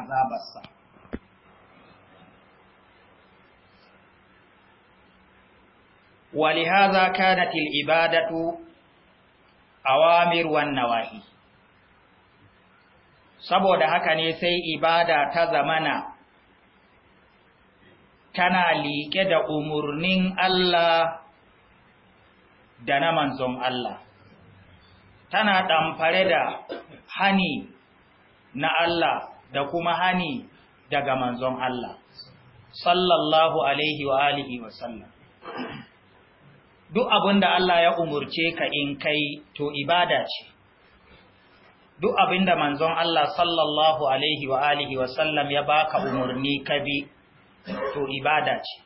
azabarsa ولهذا كانت ibadatu أوامر والنواهي saboda haka ne sai ibada ta zamana tana liƙe da umurnin Allah da na manzon Allah tana ɗamfare da hani na Allah da kuma hani daga manzon Allah sallallahu alaihi wa alihi wa sallam duk abinda Allah ya umurce ka in kai to ibada ce duk abinda manzon Allah sallallahu alaihi wa alihi wa sallam ya baka umurni ka bi to ibada ce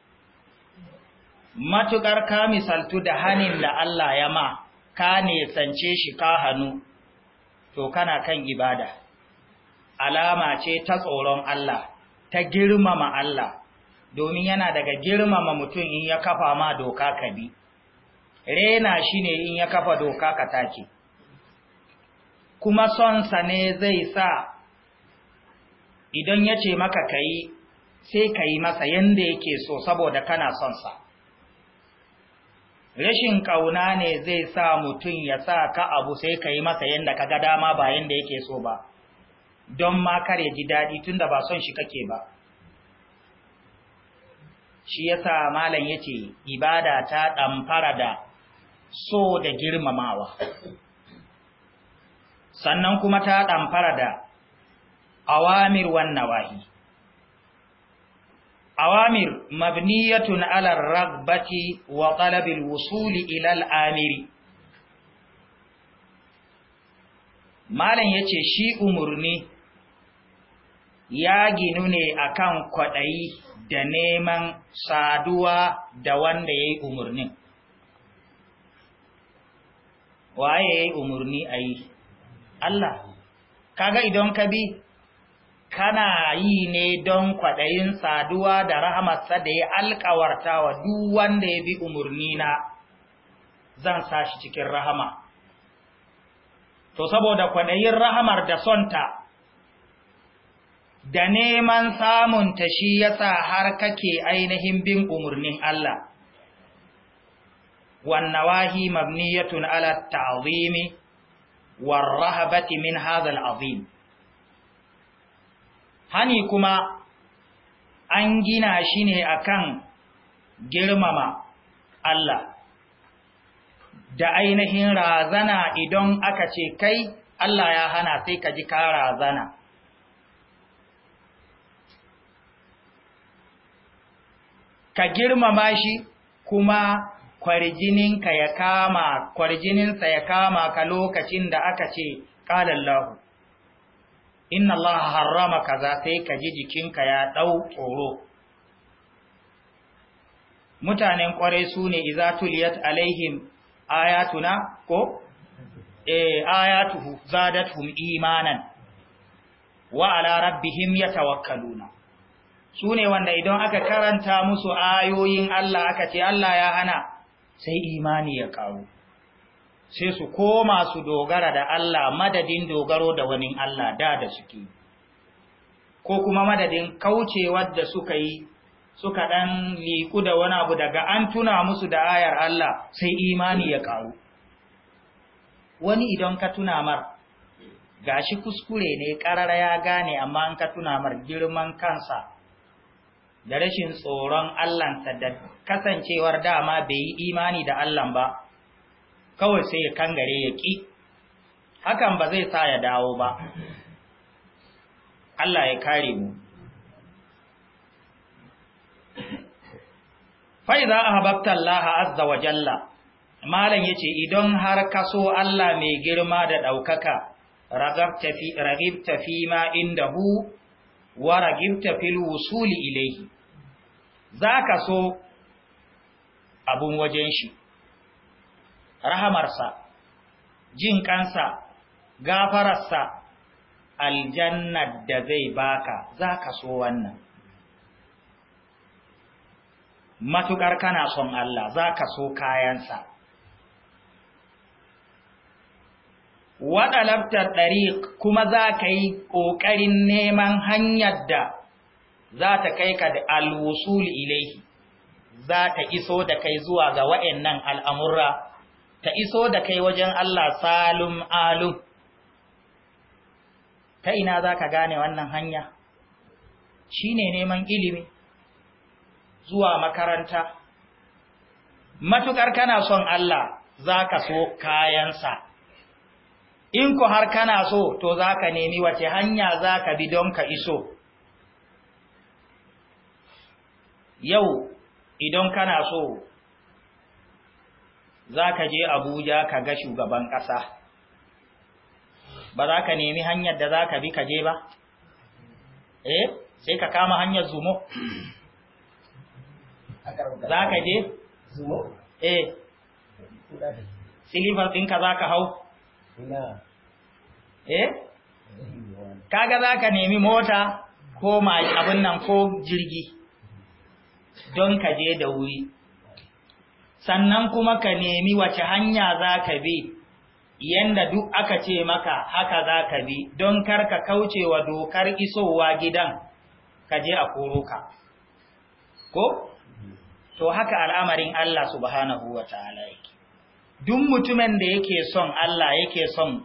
matukar ka misaltu da hanin da Allah ya ma ka ne sance shi ka hannu to kana kan ibada alama ce ta tsoron Allah ta girmama Allah domin yana daga girmama mutum in ya kafa ma doka ka bi rena shi ne in ya kafa doka ka take kuma sonsa ne zai sa idan ya ce maka ka yi sai ka yi masa yadda yake so saboda kana sonsa rashin ƙauna ne zai sa mutum ya sa ka abu sai ka yi masa yadda ka ga dama ba yadda yake so ba don ma kar ya ji daɗi tunda ba son shi kake ba shi yasa malam yace ibada ta ɗamfara da so da girmamawa sannan kuma ta ɗamfara da awamir wan nawahi awamir mabniyatun alar ragbati wa talabil wusuli ila amiri. malam yace shi umurni ya ginu ne akan kwaɗayi da neman saduwa da wanda ya yi umarnin. Waye ya yi umarni a yi? Allah, kaga idan ka bi, kana yi ne don kwaɗayin saduwa da rahamarsa da ya alƙawarta wa duk wanda ya bi umarnina zan sa shi cikin rahama. To, saboda kwaɗayin rahamar da sonta, da neman samun ta shi yasa har kake ainihin bin umarnin Allah wahi mabniyatun ala ta'zimi rahabati min hazal azim hani kuma an gina shi ne akan girmama Allah da ainihin razana idan aka ce kai Allah ya hana sai ka ji ka razana ka girmama shi kuma kwarjininka ya kama kwarjininsa ya kama ka lokacin da aka ce qalallahu inna Allah harrama kaza sai ka ji jikinka ya dau tsoro mutanen kwarai sune idza tuliyat alaihim ayatuna ko eh ayatuhu zadatuhum imanan wa ala rabbihim yatawakkaluna su ne wanda idan aka karanta musu ayoyin Allah aka ce Allah ya hana sai imani ya karu sai su koma su dogara da Allah madadin dogaro da wani Allah da da suke ko kuma madadin kaucewar da suka yi suka ɗan liku da wani abu daga an tuna musu da ayar Allah sai imani ya ƙaru. Wani idan ka tuna mar, gashi kuskure ne ƙarara ya gane amma an ka tuna mar girman kansa da rashin tsoron Allahnsa da kasancewar dama bai yi imani da Allah ba, kawai sai ya kangare ya ƙi, hakan ba zai sa ya dawo ba. Allah ya kare mu. za a haɓabta Allah azza wa jalla, Malam ya ce, Idan har ka so Allah mai girma da ɗaukaka, ragibta fi ma inda hu, wa ragibta fil wusuli ilaihi za ka so abun wajen shi rahamarsa jin kansa gafararsa aljannar da zai baka za ka so wannan matuƙar kana son Allah za ka so kayansa waɗalabtar ɗari kuma za ka yi ƙoƙarin neman hanyar da za ta kai ka da alwusul ilaihi za ta iso da kai zuwa ga wa'annan al'amurra ta iso da kai wajen Allah salum alu ta ina za ka gane wannan hanya shi ne neman ilimi zuwa makaranta matukar kana son Allah za ka so kayansa in ku har kana so to za ka nemi wace hanya za ka bi don ka iso yau idan kana so za ka je abuja ka ga shugaban ƙasa ba za ka nemi hanyar da za ka bi ka je ba eh sai ka kama hanyar zumo za ka je zumo eh silifar ɗinka za ka hau eh kaga za ka nemi mota ko mai abin nan ko jirgi don ka je da wuri sannan kuma ka nemi wace hanya za ka bi yanda duk aka ce maka haka za ka bi don kar ka kauce wa dokar isowa gidan ka je a koro ko to haka al'amarin Allah subhanahu wa ta'ala yake duk mutumin da yake son Allah yake son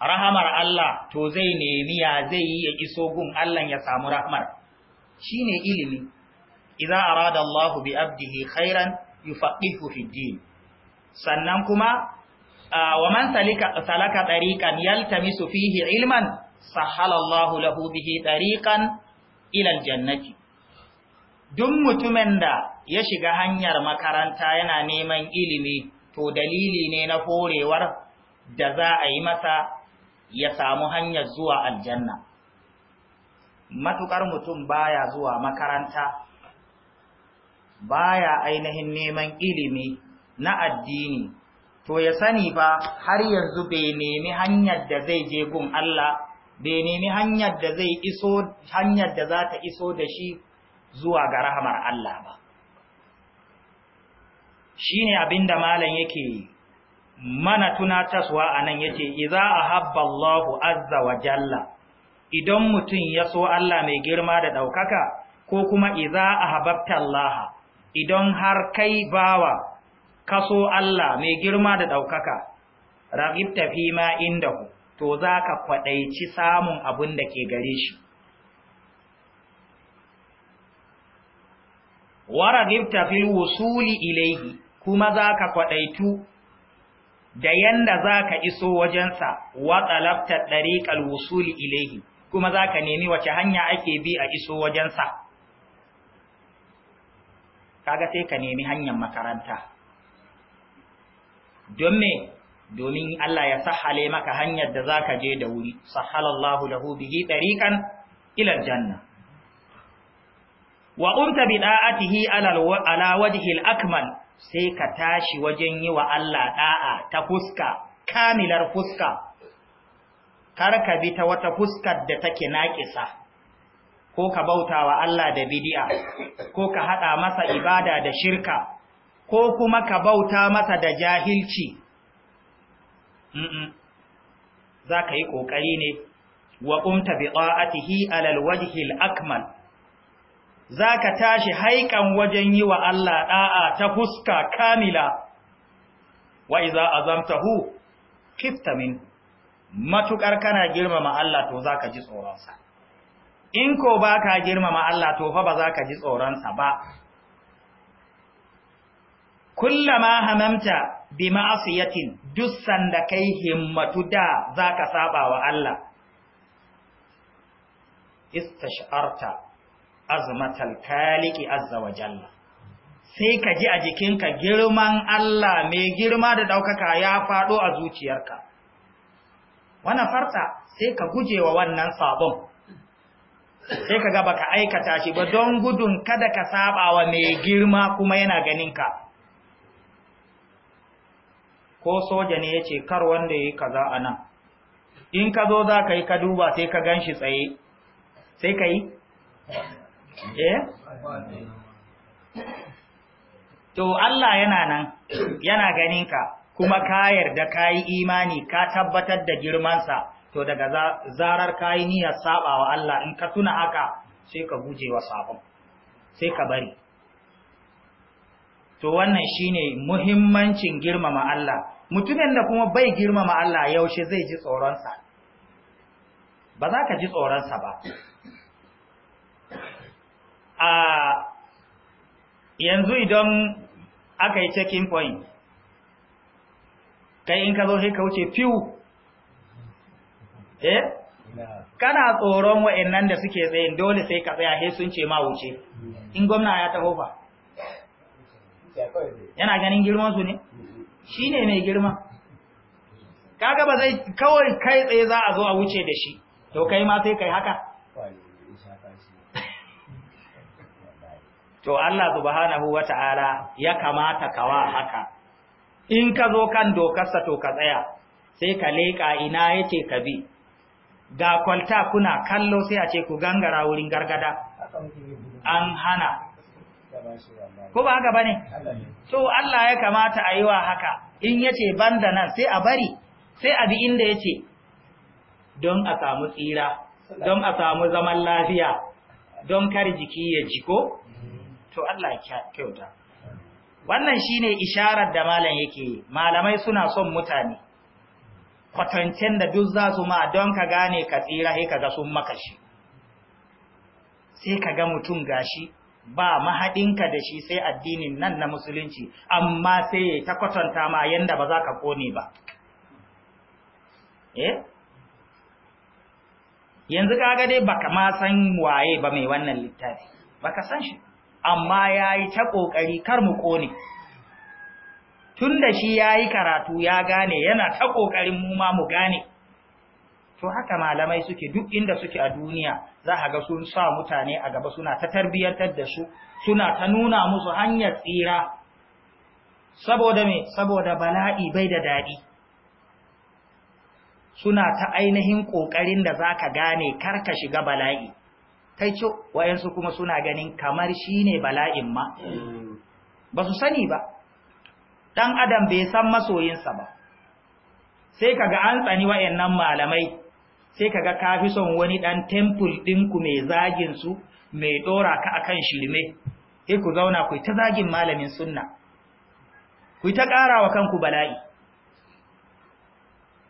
rahamar Allah to zai nemi ya zai yi ya iso gun Allah ya samu rahamar shine ilimi idza arada Allah bi abdihi khairan yufaqihu fi din sannan kuma wa man salika salaka tariqan yaltamisu fihi ilman sahala Allah lahu bihi tariqan ila aljannati duk mutumin da ya shiga hanyar makaranta yana neman ilimi to dalili ne na horewar da za a yi masa ya samu hanyar zuwa aljanna. Matuƙar mutum baya zuwa makaranta baya ainihin neman ilimi na addini to ya sani fa har yanzu bai nemi hanyar da zai je gun Allah bai nemi hanyar da zai iso hanyar da za ta iso da shi zuwa ga rahamar Allah ba shine abinda malam yake mana tunatarwa anan yace "Iza ahabba Allahu azza wa jalla idan mutum ya so Allah mai girma da daukaka ko kuma idza ahabbta Allah idan har kai bawa kaso Allah mai girma da ɗaukaka ragibta fi ma inda ku, to za ka kwaɗaici samun abin da ke gare shi wa ragibta fil wusuli ilaihi kuma za ka kwaɗaitu da yanda za ka iso wajensa watsalaftar ɗariƙar wusuli ilaihi kuma za ka nemi wace hanya ake bi a iso wajensa kaga sai ka nemi hanyar makaranta don me domin Allah ya sahale maka hanyar da zaka je da wuri sahalallahu lahu bihi tariqan ila aljanna wa umta bi da'atihi ala wajhi al-akmal sai ka tashi wajen yi wa Allah da'a ta fuska kamilar fuska kar ka bi ta wata fuskar da take naƙisa ko ka bauta wa Allah da bid'a ko ka hada masa ibada da shirka ko kuma ka bauta masa da jahilci za ka yi ƙoƙari ne wa ƙumta bi ƙa'atihi alal wajhil akmal za ka tashi haikan wajen yi wa Allah ɗa'a ta fuska kamila wa iza azamtahu min matuƙar kana girmama Allah to zaka ka ji tsoronsa in ko ba ka girmama Allah to fa ba za ka ji tsoronsa ba kullama hamamta bi ma'asiyatin duk sanda kai himmatu da za ka saba wa Allah istash'arta azmatal kaliki azza wa jalla sai ka ji a jikinka girman Allah mai girma da ɗaukaka ya faɗo a zuciyarka wannan farta sai ka guje wa wannan sabon sai kaga ka aikata shi ba don gudun kada ka saba wa mai girma kuma yana ganin ka ko soja ne yace kar wanda yayi kaza anan in ka zo za ka yi ka duba sai ka ganshi tsaye sai ka yi eh to Allah yana nan yana ganin ka, kuma ka yarda ka yi imani ka tabbatar da girmansa to daga zarar kayi niyyar saba wa Allah in ka tuna haka sai ka guje wa sabon sai ka bari to wannan shine muhimmancin girmama Allah mutumin da kuma bai girmama Allah yaushe zai ji tsoronsa ba za ka ji tsoronsa ba a yanzu idan aka yi checking point kai in ka zo sai ka wuce fiw eh kana tsoron wa'annan da suke tsayin dole sai ka tsaya sai sun ce ma wuce in gwamna ya taho fa yana ganin girman su ne mm-hmm. shine mai girma kaga ba zai kawai kai tsaye za a zo a wuce da shi to kai ma sai kai haka to Allah subhanahu wata'ala ya kamata kawa haka in ka zo kan dokarsa to ka tsaya sai ka leƙa ina yace ka bi ga kwalta kuna kallo sai a ce ku gangara wurin gargada an hana ko ba haka bane to Allah ya kamata a yi wa haka in yace banda nan sai a bari sai a bi inda yace don a samu tsira don a samu zaman lafiya don kar jiki ya jiko to Allah ya kyauta wannan shine isharar da malam yake malamai suna son mutane kwatancen da duk za su ma don ka gane ka tsira sai ga sun maka shi sai ga mutum gashi ba mahaɗinka da shi sai addinin nan na musulunci amma sai ya ta kwatanta ma yanda ba za ka kone ba eh? yanzu kaga dai baka ma san waye ba mai wannan littafi baka san shi amma yayi ta kokari kar mu kone tun da shi ya yi karatu ya gane yana ta ƙoƙarin mu ma mu gane to haka malamai suke duk inda suke a duniya za a ga sun sa mutane a gaba suna ta tarbiyyantar da su suna ta nuna musu hanyar tsira saboda me saboda bala'i bai da daɗi suna ta ainihin ƙoƙarin da za ka gane ka shiga bala'i kai ce wayansu kuma suna ganin kamar shi ne bala'in ma hmm. ba su sani ba dan adam bai san masoyinsa ba sai kaga an tsani wayannan malamai sai kaga kafi son wani dan temple din ku mai zagin su mai dora ka akan shirme sai ku zauna ku ta zagin malamin sunna ku ta karawa kanku bala'i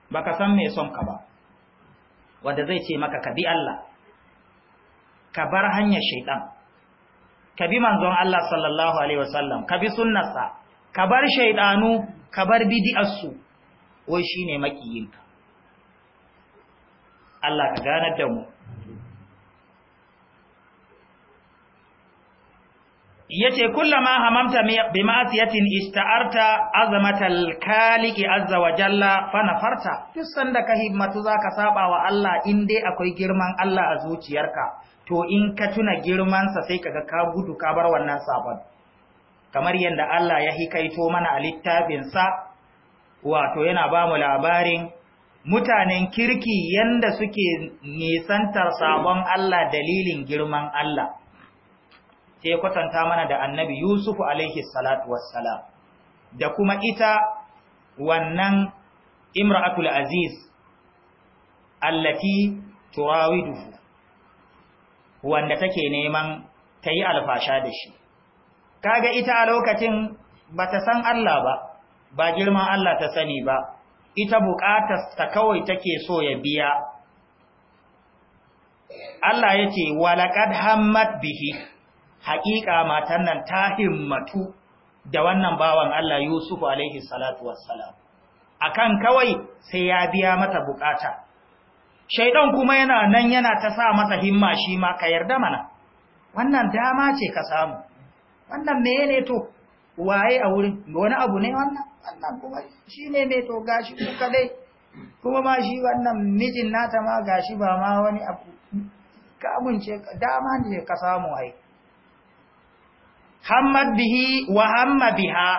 baka san mai son ka ba wanda zai ce maka ka bi Allah ka bar hanyar shaytan ka bi manzon Allah sallallahu alaihi wasallam ka bi sunnarsa ka bar shaidanu ka bar bidiyarsu wai shi ne makiyinka Allah ka ganar da mu Ya yace kullama hamamta bi ma'siyatin ista'arta azamatal kaliki azza wa jalla fana farta. fisan da ka himmatu ka saba wa Allah in dai akwai girman Allah a zuciyarka to in ka tuna girmansa sai kaga ka gudu ka bar wannan sabon kamar yadda Allah ya hikaito mana a littafinsa wato yana ba mu labarin mutanen kirki yanda suke nisantar sabon Allah dalilin girman Allah sai kwatanta mana da annabi yusuf alaihi salatu wassalam da kuma ita wannan imra'atul aziz allati Turawidu, wanda take neman tayi alfasha da shi kaga ita a lokacin ba ta san Allah ba ba girman Allah ta sani ba ita buƙatar ta kawai take so ya biya Allah yace walaqad hammat bihi haƙiƙa matan nan ta himmatu da wannan bawan Allah Yusuf alaihi salatu wassalam akan kawai sai ya biya mata buƙata. shaidan kuma yana nan yana ta sa masa himma shi ma ka yarda mana wannan dama ce ka samu wannan me ne to waye a wurin wani abu ne wannan wannan kuma shi ne me to gashi kuka dai kuma ma shi wannan mijin nata ma gashi ba ma wani abu ka abunce dama ne ka samu ai hammad bihi wa hamma biha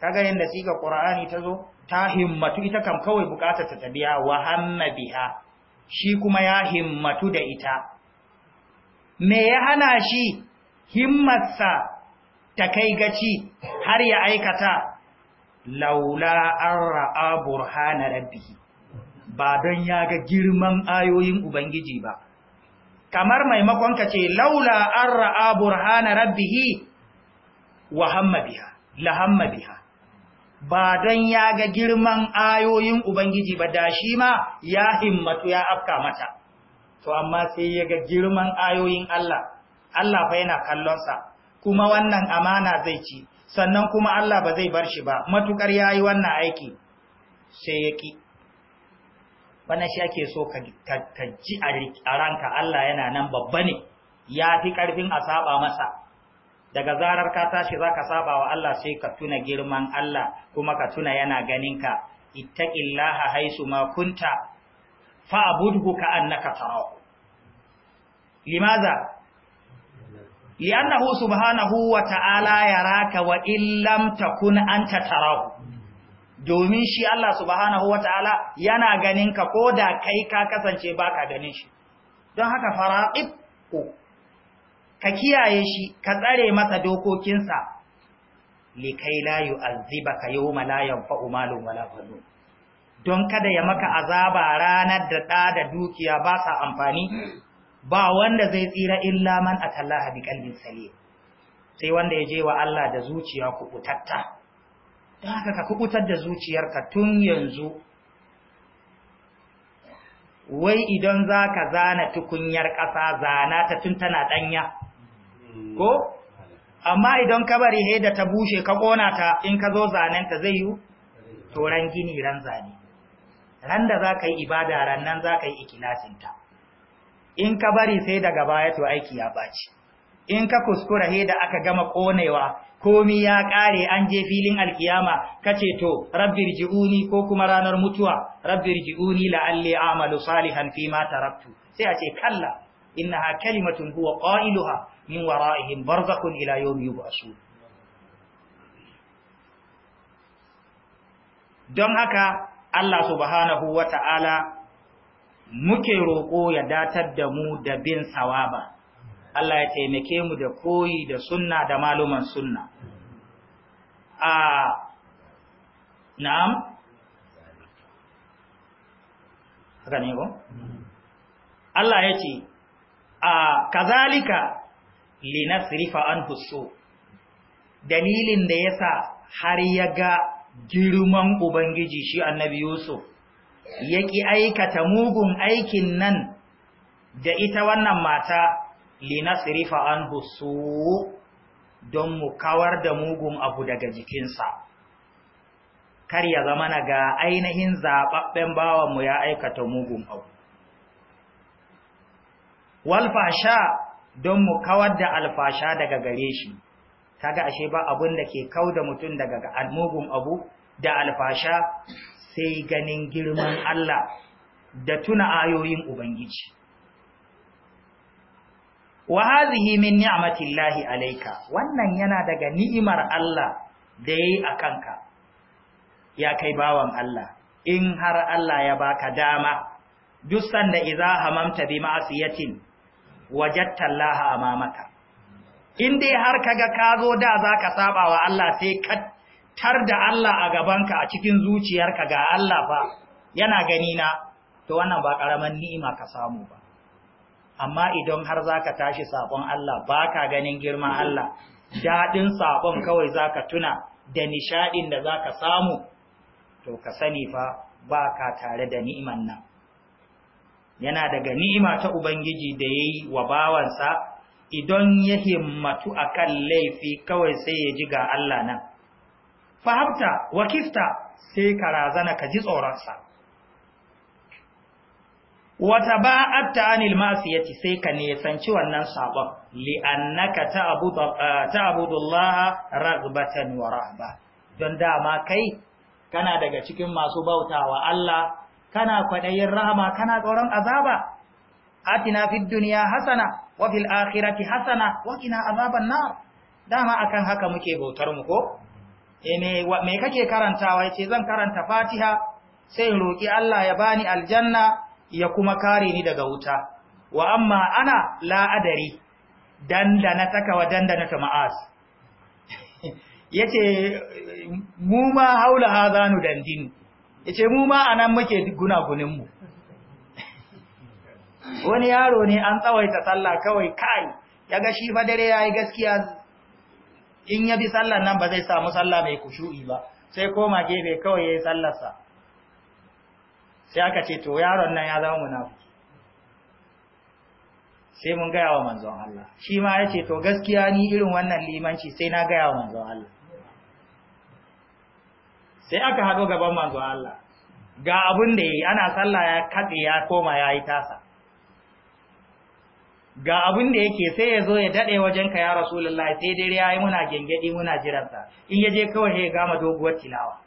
kaga yanda siga qur'ani tazo ta himmatu ita kam kawai bukatar ta tabiya wa hamma biha shi kuma ya himmatu da ita me ya hana shi himmatsa ta kai gaci har ya aikata laula an ra'a burhana rabbihi ba don ya ga girman ayoyin ubangiji ba kamar maimakon ka ce laula an ra'a burhana rabbihi wa hamma biha la hamma biha ba don ya ga girman ayoyin ubangiji ba da shi ma ya himmatu ya afka mata to amma sai ya ga girman ayoyin Allah Allah fa yana kallonsa kuma wannan amana zai ci sannan kuma Allah ba zai bar shi ba matukar yayi wannan aiki sai ya ki Bana shi ake so ka ji a ranka Allah yana nan babba ne ya fi karfin a saba masa daga zarar ka tashi zaka saba wa Allah sai ka tuna girman Allah kuma ka tuna yana ganinka ittaqillaha haisu ma kunta ka an ka'annaka tarahu limaza لأنه سبحانه وتعالى يراك وإن لم an ta tarawa domin shi Allah subhanahu ta'ala yana ganin ka ko da kai ka kasance baka ganin shi don haka fara'ib ko ka kiyaye shi ka tsare masa dokokinsa likai la yu'azzibaka ka la yanfa'u fa’umalin wala banun don kada ya maka azaba ranar da ɗa da dukiya ba sa amfani ba wanda zai tsira illa man atallaha bi qalbin salim sai wanda ya je wa Allah da zuciya kubutatta don haka ka kubutar da zuciyarka tun yanzu wai idan zaka zana tukunyar ƙasa zana ta tun tana danya ko amma idan kabari he da ta bushe ka kona ta in ka zo zanenta zai yi toran gini ran zane ran da za ka yi ibada ran nan za ka yi ikilasinta in ka bari sai daga baya to aiki ya baci in ka kuskura he da aka gama konewa komi ya kare an je filin alkiyama ka ce to rabbir ji'uni ko kuma ranar mutuwa rabbir ji'uni la'alli amalu salihan fi ma taraktu sai a ce kalla innaha kalimatun huwa qailuha min wara'ihim barzakhun ila yawmi yub'asun don haka Allah subhanahu wa ta'ala muke roƙo ya datar da mu da bin sawaba. Allah ya taimake mu da koyi da sunna da maluman sunna. A na'am? Gane ko? Allah ya ce, A kazalika linasrifa an husso, dalilin da ya sa har ya ga girman Ubangiji shi annabi Yusuf, ya ƙi aikata mugun aikin nan da ita wannan mata linasrifa an husu don mu kawar da mugun abu daga jikinsa. Kar ya zama na ga ainihin zaɓaɓɓen bawanmu ya aikata mugun abu. Walfasha don mu kawar da alfasha daga gare shi. kaga ashe ba abun da ke kau da mutum daga almugun abu da alfasha sai ganin girman Allah da tuna ayoyin ubangiji wa hadhihi min ni'matillahi alayka wannan yana daga ni'imar Allah da yayi kanka, ya kai bawan Allah in har Allah ya baka dama duk sanda idza hamamta bi ma'siyatin wajadta Allah amamaka in dai har kaga ka zo da za ka saba wa Allah sai ka tar da Allah a gabanka a cikin zuciyarka ga Allah fa yana gani na to wannan ba karaman ni'ima ka samu ba amma idan har za ka tashi sabon Allah ba ka ganin girman Allah daɗin sabon kawai za ka tuna da nishaɗin da za ka samu to ka sani fa ba ka tare da ni'iman nan yana daga ni'ima ta Ubangiji da yayi wa bawansa idan ya himmatu kan laifi kawai sai ya ji ga Allah nan fahabta wakista sai ka razana ka ji tsoronsa wata ta anil masiyati sai ka nesanci wannan sabon li'annaka eh, ta'budullaha ragbatan wa rahba don dama kai kana daga cikin masu bautawa Allah kana kwaɗayin rahama kana tsoron azaba atina fid dunya hasana wa fil akhirati hasana wa qina azaban nar dama akan haka muke bautar mu ko eh me me kake karantawa yace zan karanta fatiha sai roki Allah ya bani aljanna ya kuma kare ni daga wuta wa amma ana la adari dandana taka wa dandana ta ma'as yace mu ma haula hadanu dandinu yace mu ma anan muke gunagunin mu wani yaro ne an tsawaita sallah kawai kai yaga shi fa dare yayi gaskiya in ya bi sallah nan ba zai samu sallah mai kushu'i ba sai koma gefe kawai yayi sallarsa sai aka ce to yaron nan ya zama munafiki sai mun gaya wa manzon Allah shi ma ce to gaskiya ni irin wannan limanci sai na gaya wa manzon Allah sai aka hado gaban manzon Allah ga abin da yayi ana sallah ya katse ya koma yayi tasa ga abin da yake sai ya zo ya daɗe wajenka ya rasulullahi sai dai ya yi muna gengedi muna jiransa in ya je kawai ya gama doguwar tilawa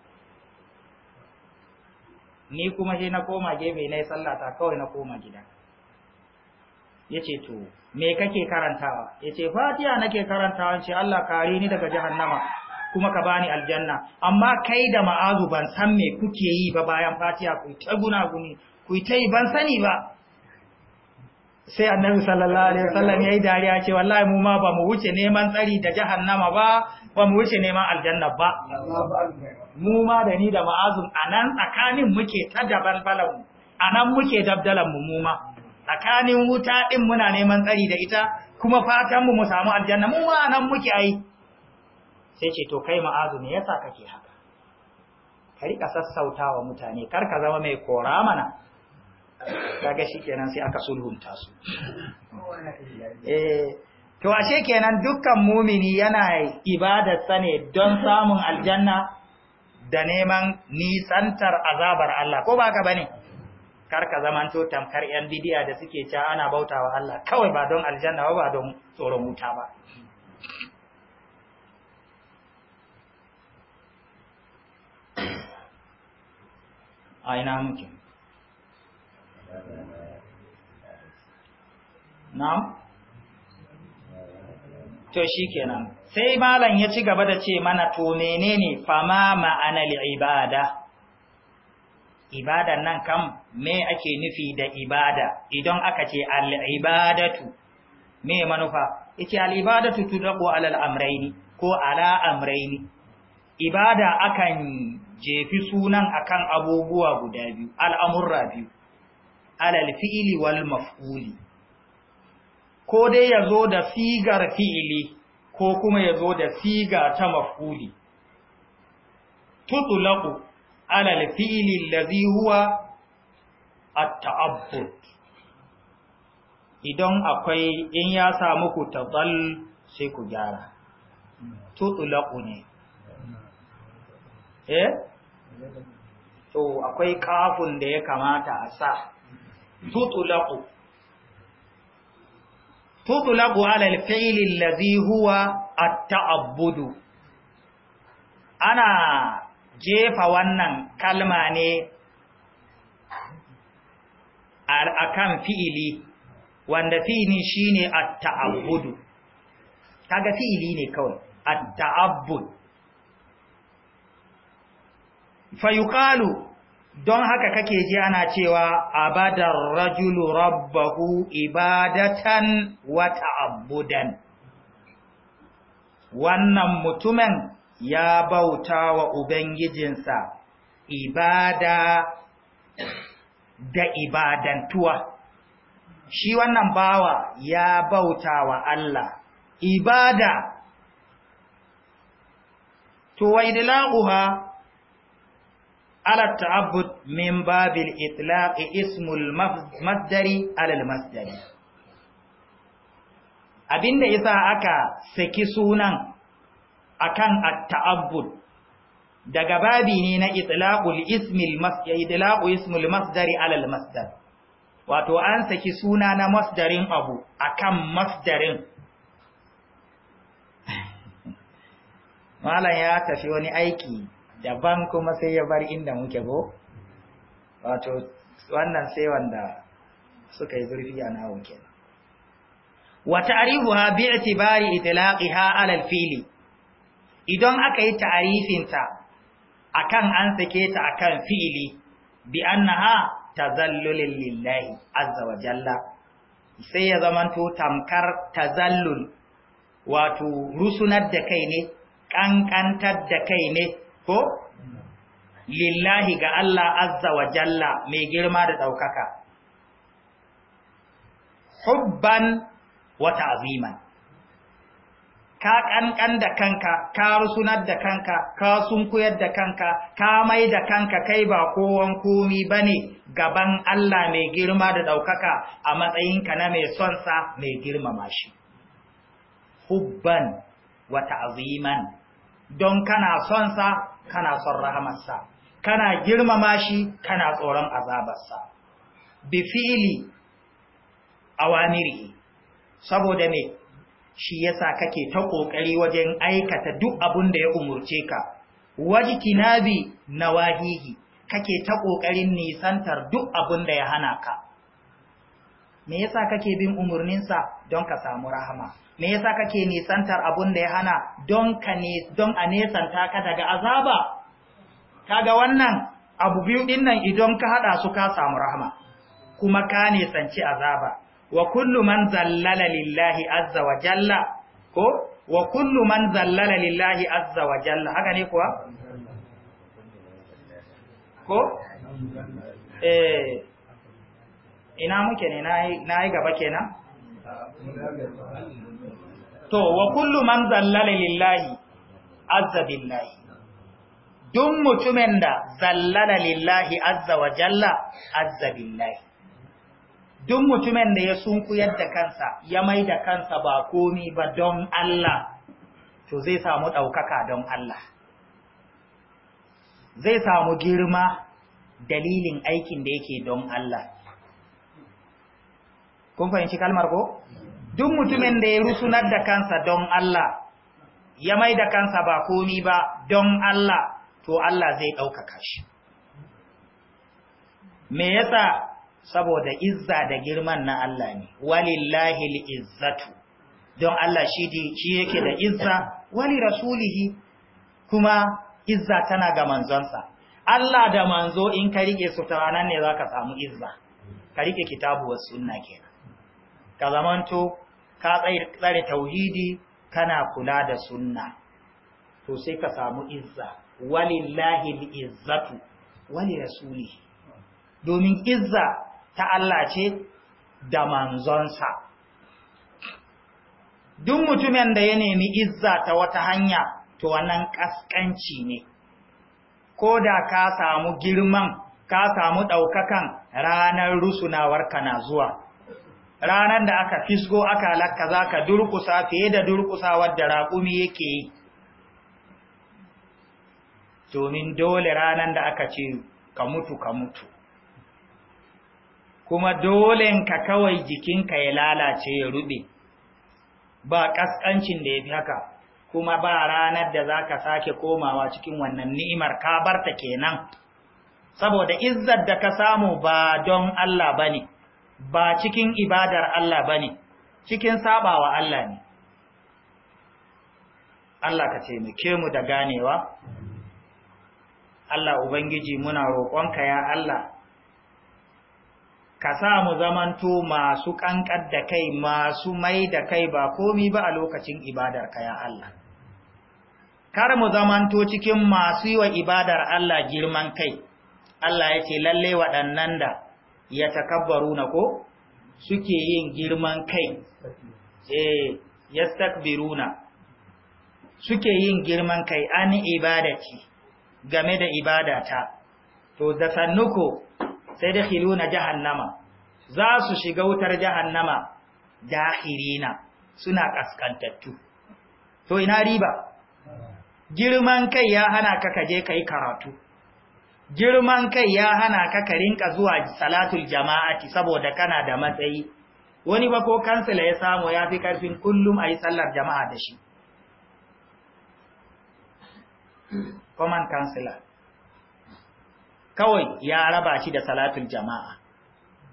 ni kuma sai na koma gefe na yi sallata kawai na koma gida ya ce to me kake karantawa ya ce fatiya nake karantawa ce Allah kare ni daga jahannama kuma ka bani aljanna amma kai da ma'azu ban san me kuke yi ba bayan fatiya ku ta guni ku ta yi ban sani ba sai annabi sallallahu alaihi wasallam yayi dariya ce wallahi mu ma ba mu wuce neman tsari da jahannama ba ba mu wuce neman aljanna ba mu ma da ni da ma'azun anan tsakanin muke ta daban balan anan muke dabdalan mu mu ma tsakanin wuta din muna neman tsari da ita kuma fatan mu mu samu aljanna mu ma anan muke ai sai ce to kai ma'azu me yasa kake haka ka rika sassautawa mutane kar ka zama mai kora mana kaga kenan sai aka sulhunta su eh, to ashe kenan dukkan mumini yana ibada sane don samun aljanna da neman nisantar azabar Allah ko ba ka bane kar ka zamanto tamkar yan bidiya da suke cewa ana bautawa Allah kawai ba don aljanna ba ba don tsoron wuta ba na'am to sai malam ya ci gaba da ce mana to menene fama ma'ana ibada ibadan nan kam me ake nufi da ibada idan aka ce al-ibadatu me manufa yace al tu tudaqu ala ko ala ibada akan jefi sunan akan abubuwa guda biyu al'amurra biyu alal fi'ili wal maf'uli ko dai ya zo da sigar fi'ili ko kuma ya zo da siga ta maf'uli tutulaku alal fi'ili lazi huwa at-ta'abbud idan akwai in ya samu ku tadall sai ku gyara tutulaku ne eh to akwai kafun da ya kamata a sa tutulaku tutulaku ala alfi'li allazi huwa at-ta'abbudu ana jefa wannan kalma ne akan fi'ili wanda fi'ilin shine at-ta'abbudu kaga fi'ili ne kawai at-ta'abbud Fayukalu. don haka kake ji ana cewa abadar rajulu rabbahu ibadatan wa ta'abbudan wannan mutumin ya bauta wa ubangijinsa ibada da ibadantuwa shi wannan bawa ya bauta wa Allah ibada to wa idlaquha ala ta'abbud min babil itlaq ismul masdari alal al masdari abinda yasa aka saki sunan akan at-ta'abbud daga babi ne na itlaqul ismil masdar itlaqu ismul masdari alal al masdar wato an saki suna na masdarin abu akan masdarin malam ya tafi wani aiki daban kuma sai ya bar inda muke go wato wannan sai wanda suka yi zurfi a nawo ke wa ta'rifuha bi itibari itlaqiha ala al-fili idan aka yi ta'rifin ta akan an sake ta akan fili, bi annaha tazallul lillahi azza wa jalla sai ya zamanto tamkar tazallul wato rusunar da kai ne kankantar da kai ne ko lillahi ga Allah azza wa jalla mai girma da ɗaukaka hubban wa ta'ziman ka kankan da kanka ka rusunar da kanka ka sunkuyar da kanka ka mai da kanka kai ba kowan komi bane gaban Allah mai girma da ɗaukaka a matsayinka na mai sonsa mai girmama shi hubban wa ta'ziman don kana son sa kana son rahamarsa kana girmama shi kana tsoron azabarsa bi fili saboda me shi yasa kake ta ƙoƙari wajen aikata duk abun da ya umurce ka na nawahihi kake ta ƙoƙarin nisantar duk abun da ya hana ka me yasa kake bin umurninsa don ka samu rahama me yasa kake nisantar abun da ya hana don ka ne don a nesanta ka daga azaba kaga wannan abu biyu din nan idan ka hada su ka samu rahama kuma ka nisanci azaba wa kullu man zallala lillahi azza wa jalla ko wa kullu man zallala lillahi azza wa jalla haka ne kuwa ko eh ina muke ne na yi gaba kenan to wa kullu man zallala lillahi azza billahi duk mutumin da zallala lillahi azza wa jalla azza billahi duk mutumin da ya sunkuyar da kansa ya mai da kansa ba komi ba don Allah to zai samu ɗaukaka don Allah zai samu girma dalilin aikin da yake don Allah kun fahimci kalmar ko duk mutumin da ya rusunar da kansa don Allah ya mai da kansa ba komi ba don Allah to Allah zai ɗaukaka shi me yasa saboda izza da girman na Allah ne walillahi al-izzatu don Allah shi shi yake da izza wali rasulihi kuma izza tana ga manzonsa Allah da manzo in ka rike su ta nan ne zaka samu izza ka rike kitabu wa sunna kenan ka zamanto ka tsare tauhidi kana kula da sunna to sai ka samu izza walillahi izzatu wali rasuli domin izza ta Allah ce da manzonsa duk mutumin da ya nemi izza ta wata hanya to wannan kaskanci ne ko da ka samu girman ka samu ɗaukakan ranar rusunawarka na zuwa ranar da aka fisgo aka halakka za ka durkusa fiye da durkusawar da raƙumi yake yi domin dole ranar da aka ce ka mutu ka mutu kuma dole ka kawai jikinka ya lalace ya rube ba ƙasƙancin da ya fi haka kuma ba ranar da za ka sake komawa cikin wannan ni'imar ka barta kenan saboda izzar da ka samu ba don Allah ba ne ba cikin ibadar Allah ba ne cikin sabawa Allah ne Allah ka taimake mu da ganewa Allah Ubangiji muna roƙonka ya Allah ka sa mu zamanto masu ƙanƙar da kai masu mai da kai ba komi ba a lokacin ibadarka ya Allah kar mu zamanto cikin masu yi wa ibadar Allah girman kai Allah ya ce lalle waɗannan da ya takabbaru na ko suke yin girman kai eh yastakbiruna suke yin girman kai an ibadati game da ibadata to da sannuko sai da khiluna jahannama za su shiga wutar jahannama Dahirina suna kaskantattu to ina riba girman kai ya hana ka kaje kai karatu girman kai ya hana ka ka rinka zuwa salatul jama'ati saboda kana da matsayi wani ba ko kansila ya samu ya fi karfin kullum a yi sallar jama'a da shi common kansila kawai ya raba shi da salatul jama'a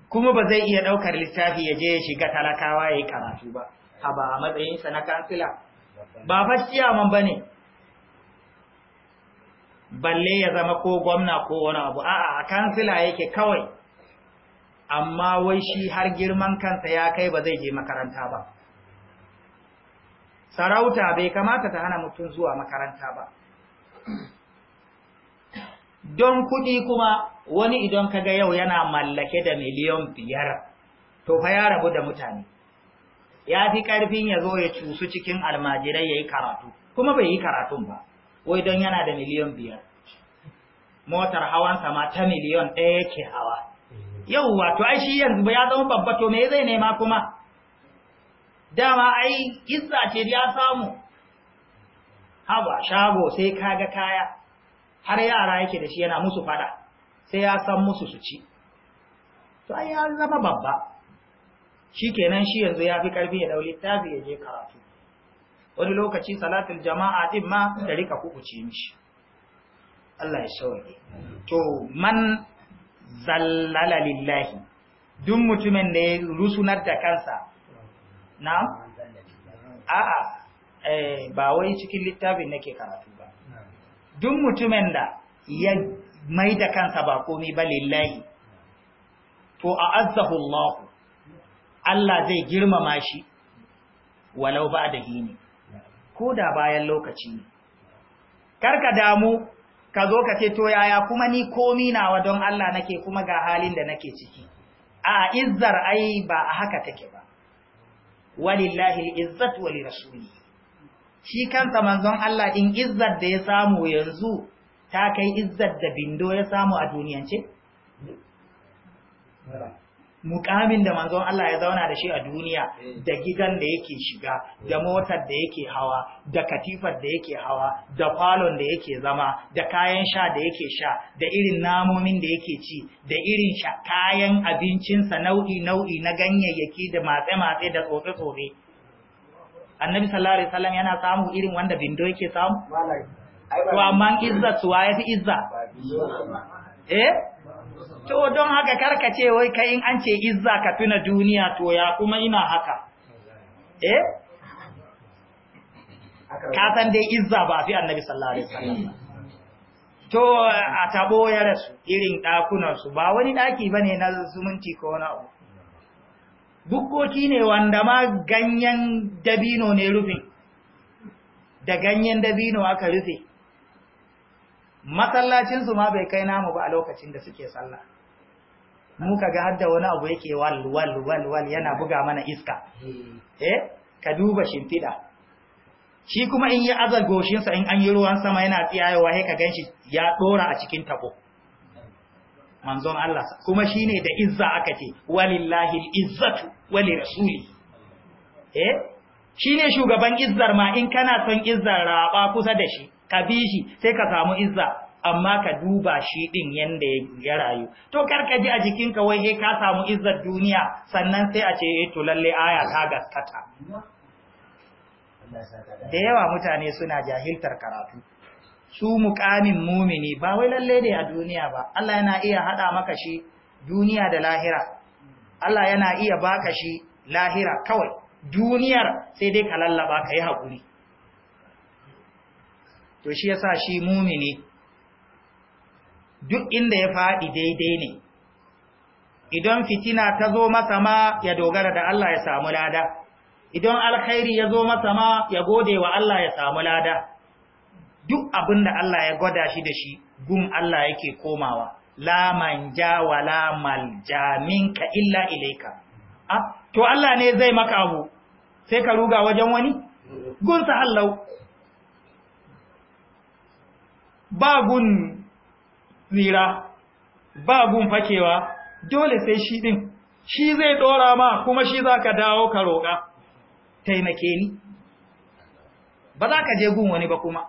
kuma ba zai iya ɗaukar littafi ya je ya shiga talakawa ya yi karatu ba a ba a matsayinsa na kansila ba fa ciyaman ba ne balle ya zama ko gwamna ko wani abu a'a a kansila yake kawai amma wai shi har girman kansa ya kai ba zai je makaranta ba sarauta bai kamata ta hana mutum zuwa makaranta ba don kuɗi kuma wani idan kaga yau yana mallake da miliyan biyar to fa ya rabu da mutane ya fi ƙarfin ya zo ya cusu cikin almajirai ya yi karatu kuma bai yi karatun ba wai don yana da miliyan biyar motar hawan ma ta miliyon ɗaya yake hawa mm. yau wato ai shi yanzu ya zama babba to me zai nema kuma dama ai izza ce ya samu haba shago sai kaga kaya har yara yake da shi yana musu fada sai ya san musu su ci to ai ya zama babba Shi kenan shi yanzu ya fi karfi ya dau littafi ya je karatu wani lokaci salatul jama'a ɗin ma ta rika kukuce mishi Allah ya shawage to man zallala lillahi duk mutumin da ya rusunar da kansa na a'a eh ba wai cikin littafin nake karatu ba duk mutumin da ya mai da kansa ba komi ba lillahi to a'azzahu Allah Allah zai girmama shi walau ba da hini ko da bayan lokaci ne karka damu ka zo ka ce to yaya kuma ni komi nawa don Allah nake kuma ga halin da nake ciki a izzar ai ba a haka take ba walillahi izzat wa li rasuli shi kansa manzon Allah in izzar da ya samu yanzu ta kai izzar da bindo ya samu a duniyance mukamin da manzon Allah ya zauna da shi a duniya eh. da gidan da yake shiga da motar da yake hawa da katifar da yake hawa da falon da yake zama da kayan sha da yake sha da irin namomin da yake ci da irin sha kayan abincinsa nau'i nau'i na ganyayyaki da matse-matse da tsofe-tsofe annabi sallallahu alaihi wasallam yana samu irin wanda bindo yake samu to amma izza ya yafi izza eh to don haka karkace wai kai in an ce izza ka fina duniya to ya kuma ina haka eh ka san dai izza ba fi annabi sallallahu alaihi wasallam to a tabo ya rasu irin dakunan su ba wani daki bane na zumunci ko na? abu bukkoki ne wanda ma ganyen dabino ne rufin da ganyen dabino aka rufe masallacinsu ma bai kai namu ba a lokacin da suke sallah mu kaga har da wani abu yake wal wal wal wal yana buga mana iska hmm. eh ka duba shimfiɗa. shi kuma in ya azar goshin sa in an yi ruwan sama yana tsiyayewa sai ka ganshi ya dora a cikin tabo manzon Allah kuma shine da izza aka ce walillahi alizzatu walirasuli eh shine shugaban izzar ma in kana son izzar raba kusa da shi ka bi shi sai ka samu izza amma ka duba shi din yanda ya rayu to ka ji a jikinka wai he ka samu izzar duniya sannan sai a ce eh to lalle aya ta gaskata da yawa mutane suna jahiltar karatu su mukamin mumini ba wai lalle ne a duniya ba Allah yana iya hada maka shi duniya da lahira Allah yana iya baka shi lahira kawai duniyar sai dai ka lallaba ka yi hakuri to shi yasa shi mumini duk inda ya faɗi daidai ne idan fitina ta zo masa ma ya dogara da Allah ya samu lada idan alkhairi ya zo masa ma ya gode wa Allah ya samu lada duk abin da Allah ya gwada shi da shi gum Allah yake komawa la manja wa la malja minka illa ilaika ah, to Allah ne zai maka abu sai ka ruga wajen wani gunsa hallau ba gun tsira ba gun fakewa dole sai shi din shi zai dora ma kuma shi za ka dawo ka roƙa taimake ni ba za ka je gun wani ba kuma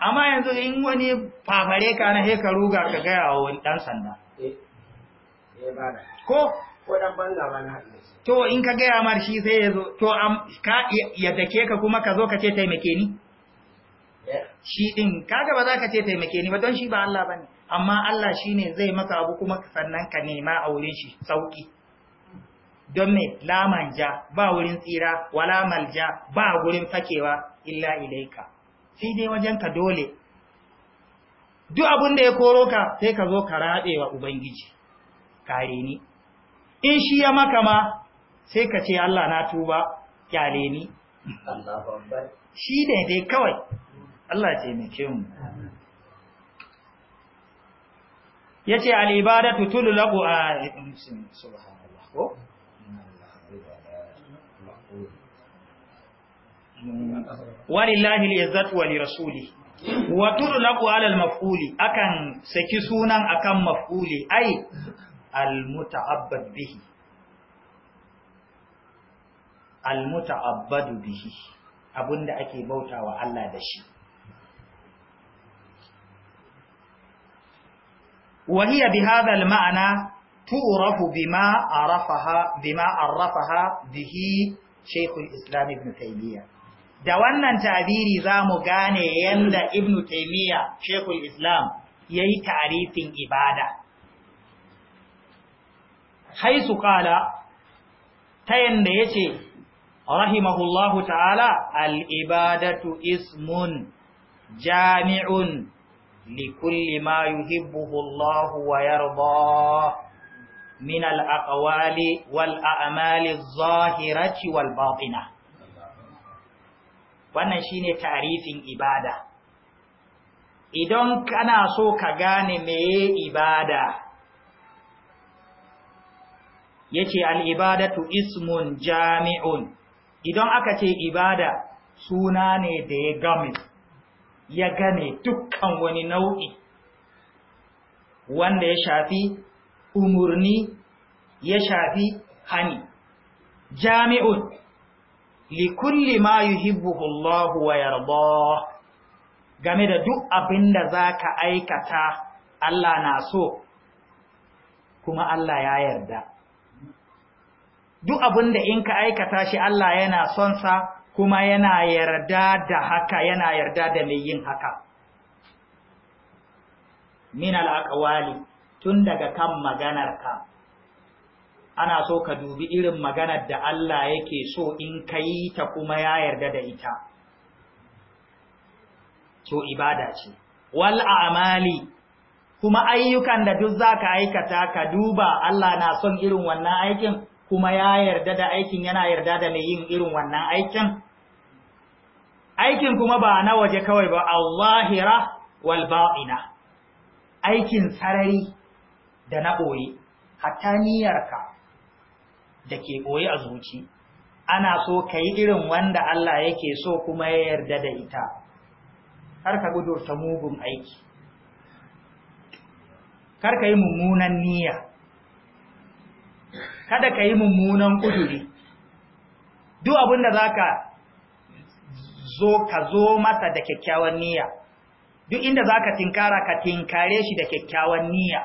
amma yanzu in wani fafare ka na heka ruga ka gaya wa wani ɗan sanda eh, ko to in ka gaya mar shi sai ya zo to ya dake ka kuma ka zo ka ce taimake ni shi din kaga ba za ka ce taimake ni ba don shi ba Allah ba ne. amma Allah shi ne zai maka abu kuma sannan ka nema a wurin shi sauki don me la manja ba wurin tsira wala malja ba gurin fakewa illa ilaika sai dai wajen ka dole duk abin da ya koro ka sai ka zo ka raɗewa ubangiji kare ni in shi ya maka ma sai ka ce Allah na tuba kyale ni shi ne dai kawai Allah ya taimake mu yace al-ibadatu tulqu a subhanallah ko walillahi al-izzatu wa rasuli. wa tulqu ala al-maf'uli akan saki sunan akan maf'uli ai al-muta'abbad bihi al-muta'abbad bihi Abunda ake bautawa Allah da shi وهي بهذا المعنى تعرف بما عرفها بما عرفها به شيخ الإسلام ابن تيمية da wannan tabiri za mu gane yadda ibn taymiya shekul islam ya yi tarifin ibada haisu kala ta yadda ya ce rahimahullahu ta'ala al'ibadatu ismun jami'un لكل ما يحبه الله ويرضاه من الأقوال والأعمال الظاهرة والباطنة wannan shine tarifin ibada idan kana so ka gane meye ibada yace al-ibadatu ismun jami'un idan aka ce ibada suna ne da ya gamis ya gane dukkan wani nau'i wanda ya shafi umurni ya shafi hani jami'un li kulli ma yuhibbuhu Allah wa yarda game da duk abinda zaka aikata Allah na so kuma Allah ya yarda duk abinda in ka aikata shi Allah yana son sa kuma yana yarda da haka yana yarda da mai yin haka min al'aqwali tun daga kan maganar ka ana so ka dubi irin maganar da Allah yake so in kai ta kuma ya yarda da ita to ibada ce wal a'mali kuma ayyukan da duk za ka aikata ka duba Allah na son irin wannan aikin kuma ya yarda da aikin yana yarda da mai yin irin wannan aikin aikin kuma ba na waje kawai ba allahira wal ba'ina aikin sarari da na ɓoye hatta niyyarka da ke ɓoye a zuci ana so ka yi irin wanda Allah yake so kuma ya yarda da ita har ka gudurta mugun aiki kar ka yi mummunan niyya kada ka yi mummunan kuduri duk abin da za ka zo ka zo masa da kyakkyawan niyya duk inda za ka tinkara ka tinkare shi da kyakkyawan niyya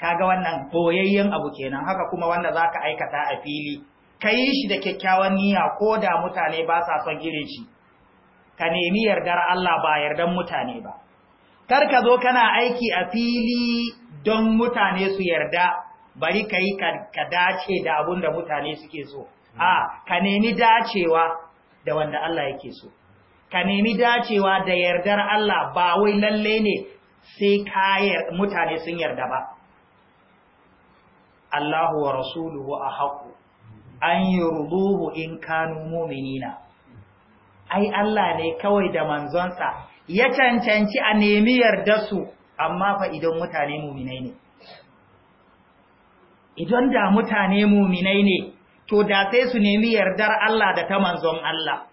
kaga wannan koyayyen abu kenan haka kuma wanda za ka aikata a fili ka yi shi da kyakkyawan niyya ko da mutane ba sa son irin shi ka nemi yardar Allah ba yardan mutane ba kar ka zo kana aiki a fili don mutane su yarda bari ka yi ka dace da abun da mutane suke so a ka nemi dacewa da wanda Allah yake so ka nemi dacewa da yardar Allah ba wai lalle ne sai kayar mutane sun yarda ba Allahu wa rasuluhu haƙo an rubuhu in kanu mu'minina ai Allah ne kawai da manzonsa ya cancanci a nemi yarda su amma fa idan mutane mu'minai ne idan da mutane muminai ne to da sai su nemi yardar Allah da ta manzon Allah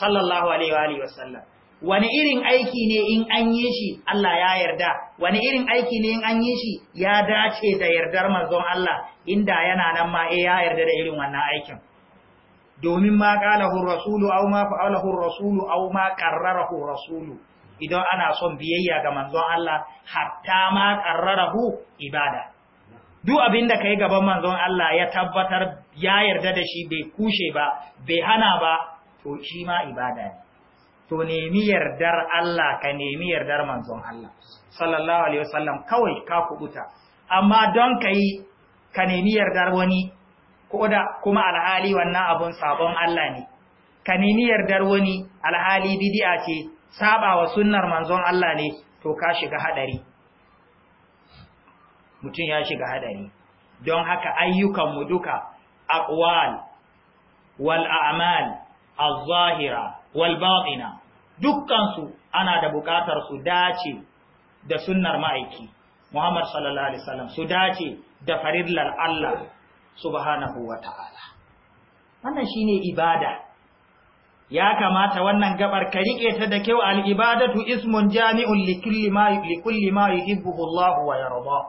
sallallahu alaihi wa sallam wani irin aiki ne in an yi shi Allah ya yarda wani irin aiki ne in an yi shi ya dace da yardar manzon Allah inda yana nan ma eh ya yarda da irin wannan aikin domin ma qalahu rasulu aw ma fa'alahu rasulu aw ma qarrarahu rasulu idan ana son biyayya ga manzon Allah hatta ma qarrarahu ibada duk abin da ka yi gaban manzon Allah ya tabbatar ya yarda da shi bai kushe ba bai hana ba to shi ma ibada ne to nemi yardar Allah ka nemi yardar manzon Allah sallallahu alaihi wasallam kawai ka kubuta amma don ka yi ka nemi yardar wani ko kuma alhali wannan abun sabon Allah ne ka nemi yardar wani alhali bid'a ce saba wa sunnar manzon Allah ne to ka shiga haɗari. mutum ya shiga hadari don haka ayyukanmu duka aqwal wal a'mal az-zahira wal batina dukkansu ana da bukatar su dace da sunnar ma'aiki Muhammad sallallahu alaihi wasallam su dace da faridlar Allah subhanahu wata'ala wannan shine ibada ya kamata wannan gabar ka rike ta da kyau al-ibadatu ismun jami'un li kulli ma li kulli ma yuhibbu Allah wa yarda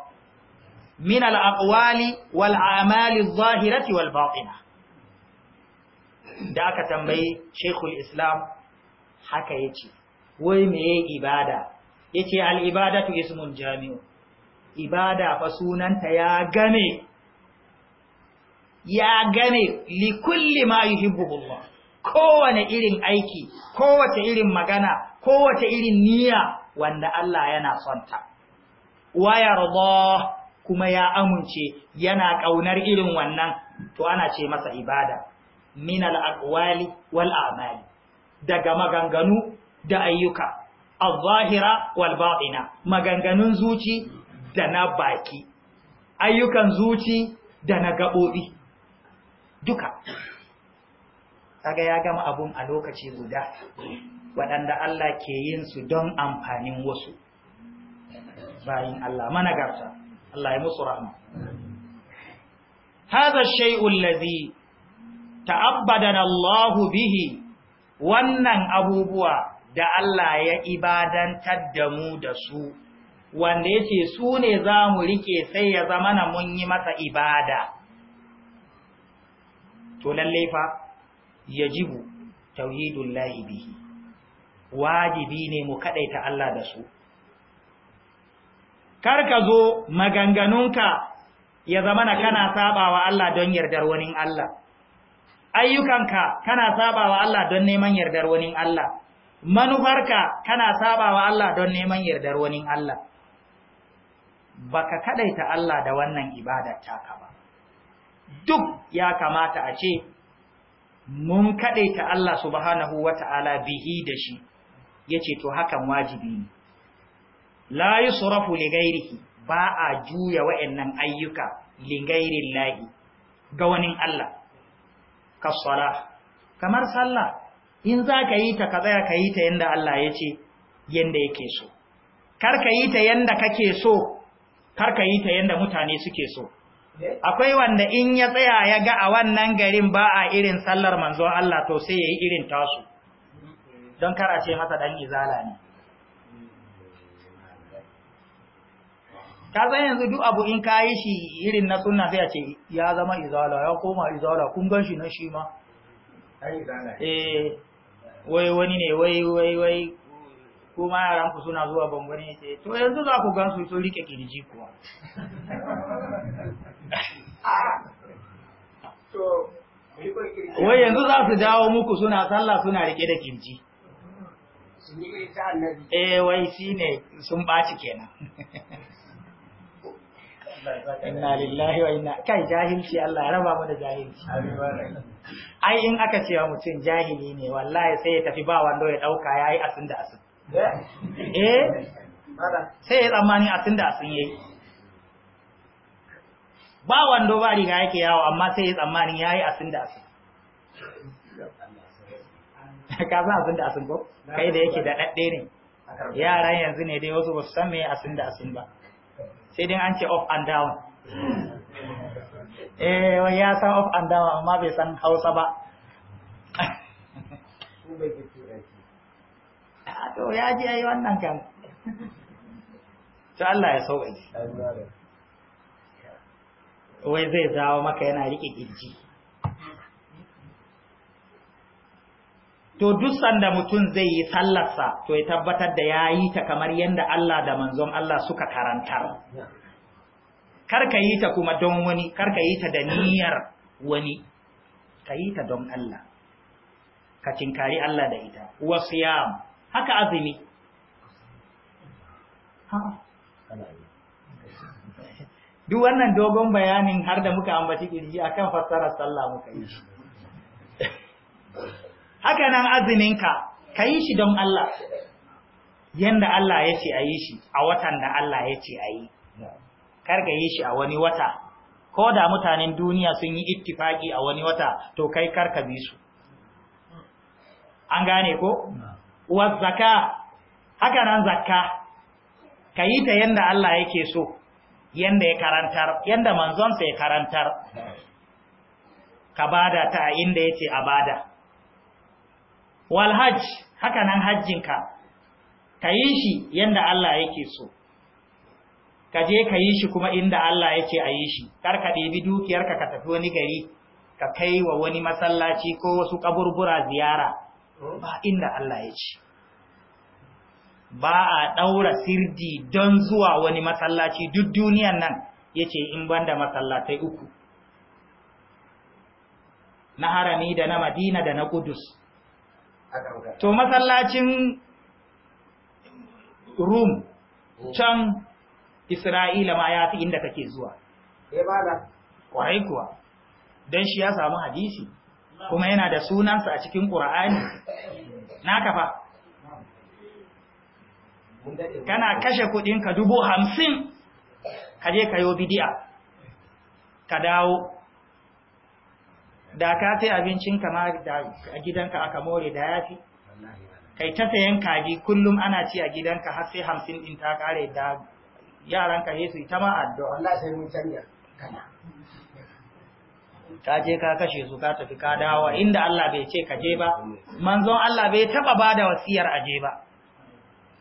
min al-aqwali wal a'mali wal batina da aka tambayi Sheikhul Islam haka yace wai meye ibada yace al-ibadatu ismun jami'u ibada fa sunanta ya game ya game li kulli ma yi Allah kowane irin aiki kowace irin magana kowace irin niyya wanda Allah yana son ta wa yarda kuma ya amince yana ƙaunar irin wannan to ana ce masa ibada min al-aqwali wal a'mali daga maganganu da ayyuka al-zahira wal batina maganganun zuci da na baki ayyukan zuci da na gabobi duka kaga ya gama abun a lokaci guda waɗanda Allah ke yin su don amfanin wasu bayin Allah mana managarta Allah ya musu rahama hadha shay'ul ladhi ta'abbadana Allah bihi wannan abubuwa da Allah ya ibadantar da mu da su wanda yace su ne zamu rike sai ya zamana mun yi masa ibada to lalle fa yajibu tauhidul bihi wajibi ne mu kaɗaita Allah da su kar ka zo maganganunka ya zama na kana sabawa Allah don yardar wani Allah ayyukanka kana sabawa Allah don neman yardar wani Allah manufarka kana sabawa Allah don neman yardar wani Allah baka kadaita Allah da wannan ibadar taka ba duk ya kamata a ce mun kadaita Allah subhanahu wata'ala bihi da shi yace to hakan wajibi ne la yusrafu li ghairihi ba a juya wa'annan ayyuka li lahi ga wani Allah ka sala kamar sallah in za ka yi ta ka tsaya ka yi ta yanda Allah ya ce yanda yake so kar ka yi ta yanda kake so kar ka yi ta yanda mutane suke so akwai wanda in ya tsaya ya ga a wannan garin ba a irin sallar manzo Allah to sai ya yi irin tasu don kar a ce masa dan izala ne ka san yanzu duk abu in ka yi shi irin na sunna sai a ce ya zama izala ya koma izala kun gan shi na shi ma eh, wai wani ne wai wai wai kuma yaran ku suna zuwa bangwani ce to yanzu za ku gan su sun rike kirji kuwa wai yanzu za su dawo muku suna sallah suna rike da kirji eh wai shine sun baci kenan inna lillahi wa inna kai jahilci Allah ya raba mana jahilci ai in aka cewa mutum jahili ne wallahi sai ya tafi ba wando ya dauka yayi asin da asin eh, eh? sai ya tsammani asin da asin yayi ba wando ba riga yake yawo amma sai ya tsammani yayi asin da asin ka san asin da asin ko kai da yake da dadde ne yaran yanzu ne dai wasu ba su san me asin da asin ba sai dai an ce up and down eh ya san up and down amma bai san hausa ba ah, to ya ji ai wannan kan to Allah ya sauke wai zai dawo maka yana riƙe kirji to duk sanda mutum zai yi sallarsa to ya tabbatar da ya yi ta kamar yadda Allah da manzon Allah suka karantar karka yi ta kuma don wani karka yi ta da niyyar wani ka yi ta don Allah ka tinkari Allah da ita siyam haka azumi duk wannan dogon bayanin har da muka ambaci kirji akan fassarar sallah muka yi shi haka nan azuminka ka yi shi don Allah yanda Allah ya ce a yi shi a watan da Allah ya ce a yi karka yi shi a wani wata ko da mutanen duniya sun yi ittifaki a wani wata to kai karka bi su an gane ko wa zakka haka nan zakka yi ta yanda Allah yake so yanda ya karantar yanda manzon sa ya karantar ka bada ta inda yace a bada wal hajj haka nan hajjinka ka yi shi yadda Allah yake so ka je ka yi shi kuma inda Allah yake a yi shi kar ka ɗebi dukiyarka ka tafi wani gari ka kai wa wani masallaci ko wasu kaburbura ziyara ba inda Allah ya ba a ɗaura sirdi don zuwa wani masallaci duk duniyan nan yace in banda masallatai uku na harami da na madina da na kudus to masallacin rum can isra'ila ma ya fi inda kake zuwa eh, kwarai kuwa don shi ya samu hadisi kuma yana da sunansa a cikin ƙura'ani na kafa kana kashe kudinka dubu hamsin ka yi bidiya ka dawo da ka sai abincin kama a gidanka aka more da yafi kai ta sayan kaji kullum ana ci a gidanka har sai hamsin din ta kare da yaranka ya su ita ma addu'a Allah sai mun canja kana ka je ka kashe su ka tafi ka dawo inda Allah bai ce ka je ba manzon Allah bai taba bada wasiyar aje ba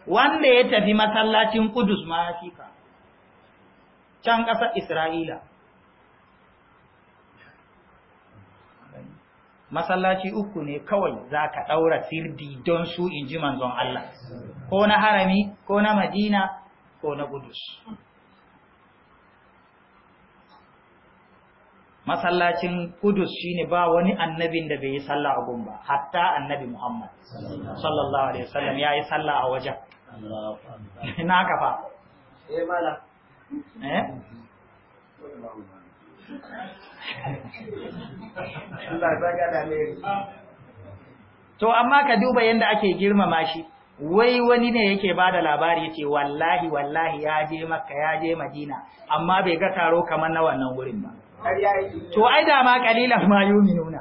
wanda ya tafi masallacin Qudus ma ya can ƙasar Isra'ila masallaci uku ne kawai za ka ɗaura sirdi don su in ji manzon Allah ko na harami ko na madina ko na gudus masallacin kudus shine ba wani annabin da bai yi sallah a gumba, hatta annabi muhammad sallallahu alaihi wasallam ya yi sallah a wajen na kafa eh mala eh to amma ka duba yanda ake girmama shi wai wani ne yake ba da labari yace wallahi wallahi ya je makka ya je madina amma bai ga taro kamar na wannan wurin ba to ai da ma kalilan ma nuna.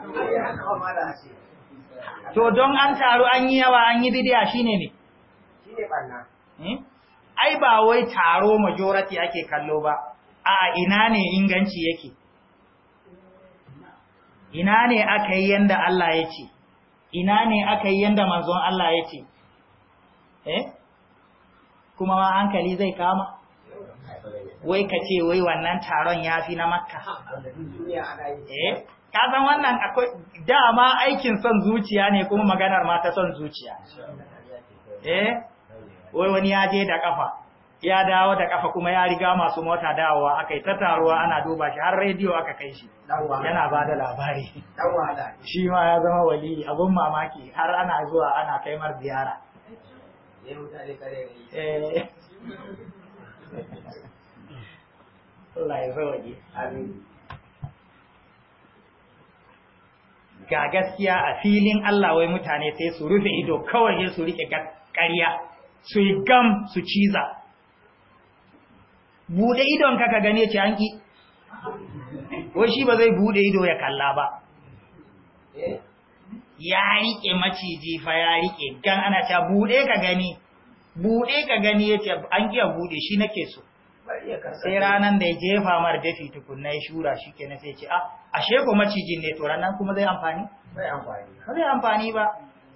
to don an taru an yi yawa an yi bidiya shine ne shine barna hmm? ai ba wai taro majority ake kallo ba a ina ne inganci yake ina ne aka yi yanda Allah ya ce ina ne aka yi yanda manzon Allah ya ce eh kuma ma hankali zai kama wai ka ce wai wannan taron ya fi na makka eh ka san wannan akwai dama aikin son zuciya ne kuma maganar ma ta son zuciya eh wai wani ya je da kafa ya dawo da kafa kuma ya riga masu mota dawowa aka yi ta taruwa ana duba shi har rediyo aka kai shi yana ba da labari shi ma ya zama wali abun mamaki har ana zuwa ana mar ziyara eh. ga gaskiya a filin Allah wai mutane sai su rufe ido kawai su rike ƙarya su yi gam su ciza bude idon ka ka gane ce an ki ko shi ba zai bude ido ya kalla ba ya rike maciji fa ya rike gan ana ta bude ka gani bude ka gani yace an kiya bude shi nake so sai ranan da ya jefa mar dafi tukunna ya shura shi na sai ce a ah, ashe ko macijin ne to ranan kuma zai amfani zai amfani ba zai amfani ba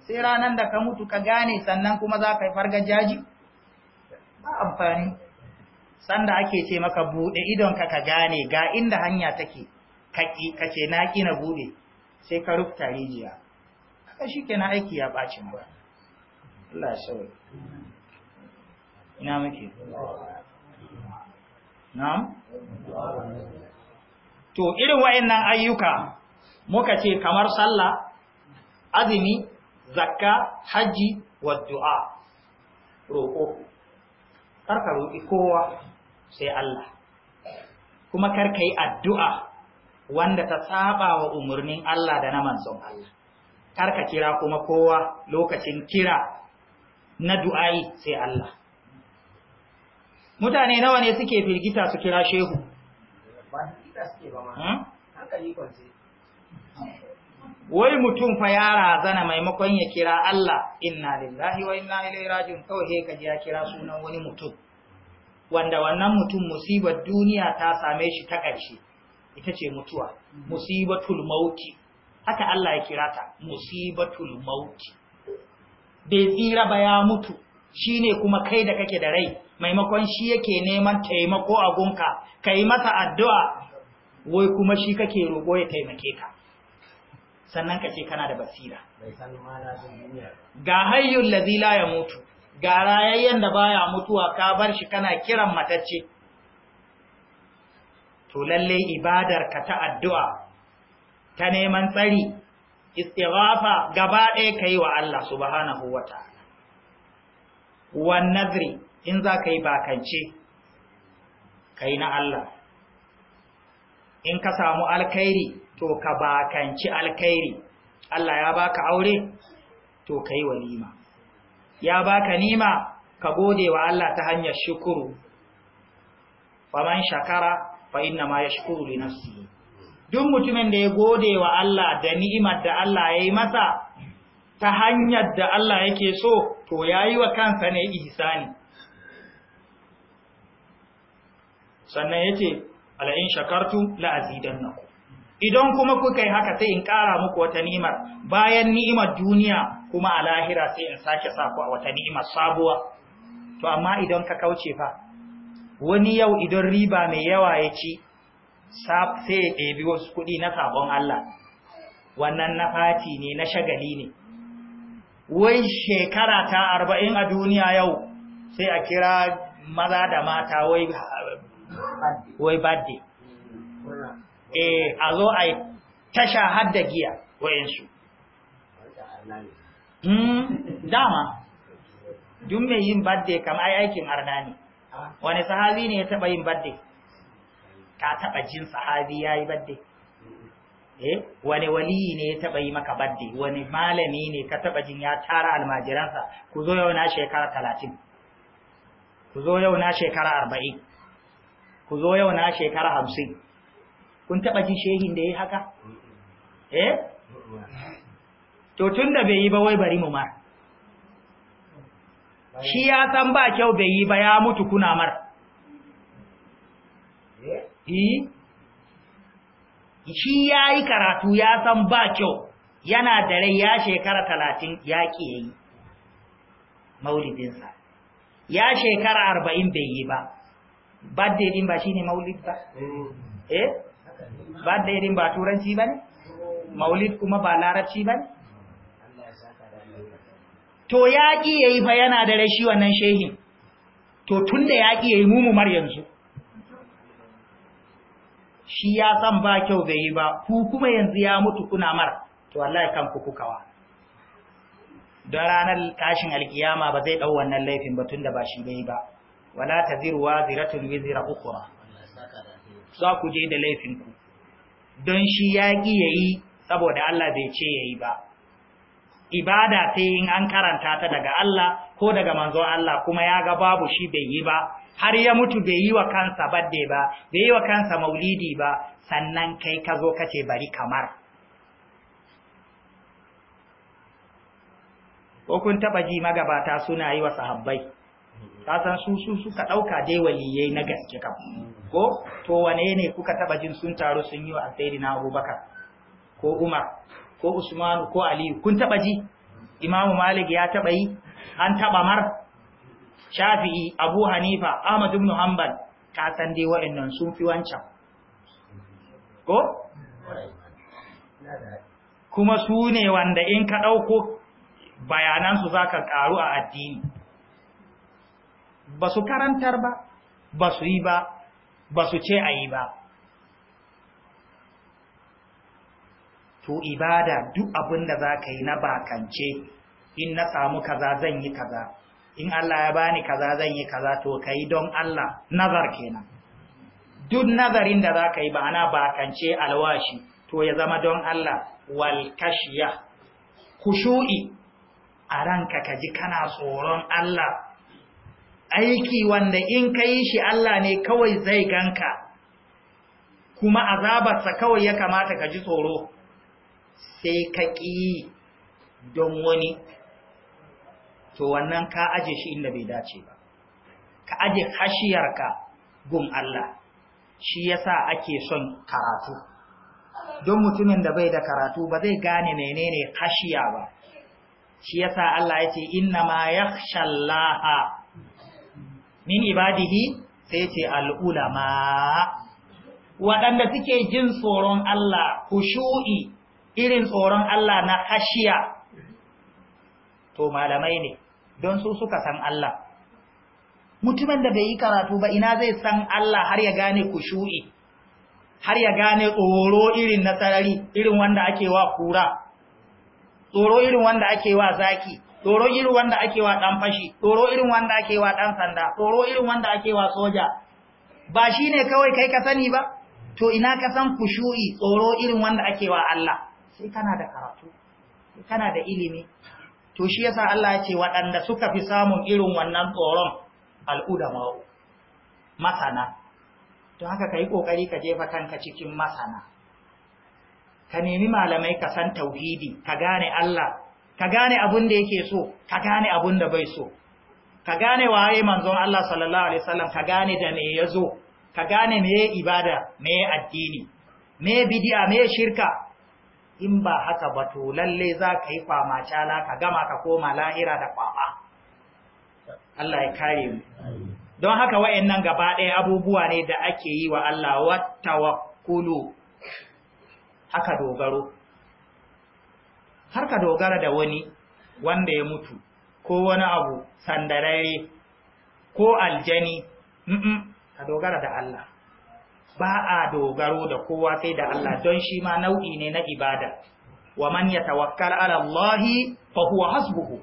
sai ranan da ka mutu ka gane sannan kuma za ka yi farga jaji ba amfani sanda ake ce maka buɗe idonka ka gane ga inda hanya take ka kace na kina buɗe sai ka rufta rijiya haka shikenan aiki ya baci ba Allah shawai ina muke na'am to irin wayannan ayyuka muka ce kamar sallah azumi zakka Hajji, wa du'a roko karka roki kowa sai Allah kuma kar ka yi addu'a wanda ta saba wa umarnin Allah da na manzon Allah kar ka kira kuma kowa lokacin kira na du'ai sai Allah mutane nawa ne suke firgita su kira shehu hmm? wai mutum fa ya razana maimakon ya kira Allah inna lillahi wa inna ilaihi raji'un kawai ka ji ya kira sunan wani mutum wanda wannan mutum musibar duniya ta same shi ta ƙarshe ita ce mutuwa mm. musibatul mauti haka Allah ya kira ta musibatul mauti bai tsira ba ya mutu shine kuma kai da kake da rai maimakon shi yake neman taimako a gunka yi masa addu'a wai kuma shi kake roƙo ya taimake ka sannan ka ce kana da basira ga hayyul Lazila ya mutu. ga rayayyen da baya mutuwa ka bar shi kana kiran matacce to lalle ibadar ka ta addu'a ta neman tsari istighafa gaba ɗaya kai wa Allah subhanahu wataala wan nadri in za ka yi bakance kai na Allah in ka samu alkhairi to ka bakanci alkhairi Allah ya baka aure to kai walima ya baka nima ka gode wa Allah ta hanyar shukuru faman shakara fa inna ma yashkuru li nafsihi duk mutumin da ya gode wa Allah da ni'imar da Allah ya yi masa ta hanyar da Allah yake so to yayi wa kansa ne ihsani sannan yace ala in shakartu la azidannakum idan kuma kuka yi haka sai in ƙara muku wata ni'imar bayan ni'imar duniya kuma a lahira sai in sake sa ku a wata ni'imar sabuwa to amma idan ka kauce fa wani yau idan riba mai yawa ya ci sai ya bi wasu kuɗi na sabon Allah wannan na fati ne na shagali ne wai shekara ta arba'in a duniya yau sai a kira maza da mata wai birthday eh a zo a yi tasha har giya wayansu hmm, dama dun mai yin birthday kam ai aikin arna ne wani sahabi ne ya taba yin birthday ka taba jin sahabi yayi birthday eh wani waliyi ne ya taba yi maka birthday wani malami ne ka taba jin ya tara almajiransa ku zo yau na shekara 30 ku zo yau na shekara 40 ku zo yau na shekara hamsin. kun taɓa jin shehin da ya haka eh to tun da bai yi ba wai bari mu ma shi ya san ba kyau bai yi ba ya mutu kuna mar eh? Eh? shi ya yi karatu ya san ba kyau yana da rai ya shekara talatin ya ƙi ya yi maulidinsa ya shekara arba'in bai yi ba birthday din ba shine maulid ba mm. eh ba da irin ba turanci ba ne maulid kuma ba larabci ba ne to yaƙi ya yi fa yana da rashi wannan shehin to tun da yaƙi ya yi mumumar yanzu shi ya san ba kyau bai yi ba ku kuma yanzu ya mutu kuna mara, to wallahi kuku kawa don ranar tashin alkiyama ba zai ɗau wannan laifin ba tun da ba shi bai ba wala ta ziruwa ziratun zira ukura za ku je da laifinku don shi ya ƙi ya yi saboda Allah bai ce ya yi ba ibada sai in an karanta ta daga Allah ko daga manzon Allah kuma ya ga babu shi bai yi ba har ya mutu bai yi wa kansa badde ba bai yi wa kansa maulidi ba sannan kai ka zo ka ce bari kamar ko kun taɓa ji magabata suna yi wa sahabbai ka san su su suka ɗauka dai waliyai na gaske kam ko to wane ne kuka taba jin sun taru sun yi wa sayyidina abubakar ko umar ko usman ko aliyu kun taba ji imamu malik ya taba yi an taba mar shafi'i abu hanifa ahmad ibn hanbal ka san dai waɗannan sun fi wancan ko kuma su ne wanda in ka ɗauko bayanansu za ka ƙaru a addini ba su karantar ba ba su yi ba ba su ce a yi ba to ibada duk abin da za ka yi na bakance in na samu kaza zan yi kaza in Allah ya bani kaza zan yi kaza to ka yi don Allah nazar kenan duk nazarin da za ka yi ba na bakance alwashi to ya zama don Allah walkashiya kushu'i a ranka ka ji kana tsoron Allah aiki wanda in ka yi shi Allah ne kawai zai ganka kuma azabarsa kawai ya kamata ka ji tsoro sai ka ƙi don wani to wannan ka aje shi inda bai dace ba ka aje hashiyarka gun Allah shi yasa ake son karatu don mutumin da bai da karatu ba zai gane menene hashiya ba shi yasa Allah ya ce inna ma yakhshallaha min ibadihi sai ce al'ulama waɗanda suke jin tsoron Allah kushu'i irin tsoron Allah na hashiya to malamai ne don su suka san Allah mutumin da bai yi karatu ba ina zai san Allah har ya gane kushu'i har ya gane tsoro irin na sarari irin wanda ake wa kura tsoro irin wanda ake wa zaki tsoro irin wanda ake wa dan fashi tsoro irin wanda ake wa dan sanda tsoro irin wanda ake wa soja ba shine kawai kai ka sani ba to ina ka san kushu'i tsoro irin wanda ake wa Allah sai kana da karatu sai kana da ilimi to shi yasa Allah ya ce waɗanda suka fi samun irin wannan tsoron al'udama masana to haka kai kokari ka jefa kanka cikin masana ka nemi malamai ka san tauhidi ka gane Allah ka gane abin da yake so ka gane abin da bai so ka gane waye manzon Allah sallallahu alaihi wasallam ka gane da me yazo ka gane me ibada me addini me bid'a me shirka in ba haka ba to lalle za ka yi kwama cala ka gama ka koma lahira da kwama Allah ya kare mu don haka wayannan gaba ɗaya abubuwa ne da ake yi wa Allah wattawakkulu haka dogaro harka ka dogara da wani wanda ya mutu ko wani abu sandarare ko aljani ka dogara da Allah ba a dogaro da kowa sai da Allah don shi ma nau'i ne na ibada wa man yatawakkal ala Allah fa huwa hasbuhu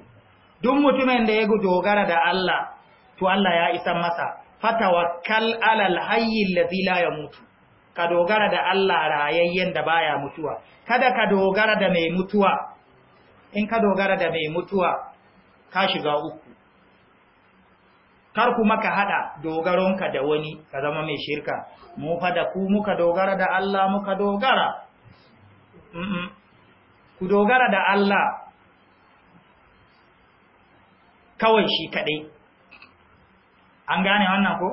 duk mutumin da ya dogara da Allah to Allah ya isa masa fatawakkal ala al-hayy alladhi la yamutu ka dogara da Allah rayayyen da baya mutuwa kada ka dogara da mai mutuwa in ka dogara da mai mutuwa ka shiga uku kar kuma ka hada dogaronka da wani ka zama mai shirka mu fa da ku muka dogara da Allah muka dogara ku dogara da Allah kawai shi kadai an gane wannan ko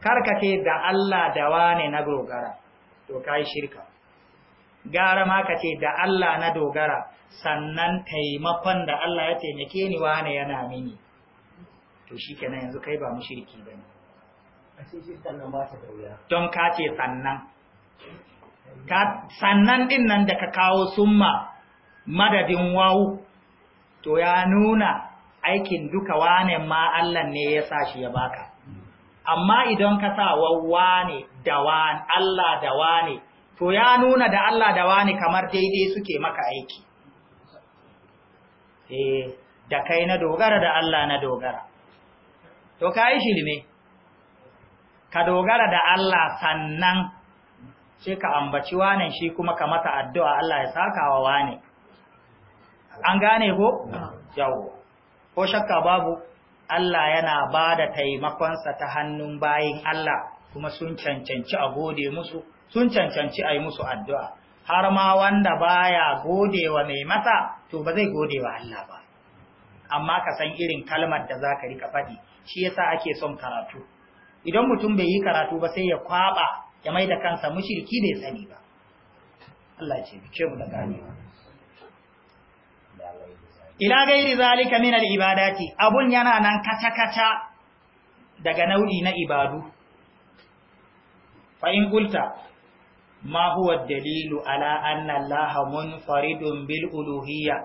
karkace da Allah da wane na dogara to kai shirka gara ma kace da Allah na dogara sannan taimakon da Allah ya taimake ni wane yana mini to shikenan yanzu kai ba mushriki bane don ka ce sannan sannan din nan da ka kawo summa madadin wawu to ya nuna aikin duka wane ma Allah ne ya sa shi ya baka amma idan ka sa wawane da wani Allah da wani to ya nuna da Allah da wani kamar daidai suke maka aiki eh da kai na dogara da Allah na dogara to kai shi ne ka dogara da Allah sannan sai ka ambaci wanen shi kuma ka mata addu'a Allah ya saka wa wane an gane ko yawo ko shakka babu Allah yana ba da taimakonsa ta hannun bayin Allah kuma sun cancanci a gode musu sun cancanci a yi musu addu'a har ma wanda baya gode wa mai masa to ba zai gode wa Allah ba amma ka san irin kalmar da za ka rika faɗi shi yasa ake son karatu idan mutum bai yi karatu ba sai ya kwaba ya mai da kansa mushirki bai sani ba Allah ce mu da ganewa ila gairi zalika min al-ibadati abun yana nan kata-kata daga nau'i na ibadu fa in qulta ma huwa dalilu ala anna Allah munfaridun bil uluhiyya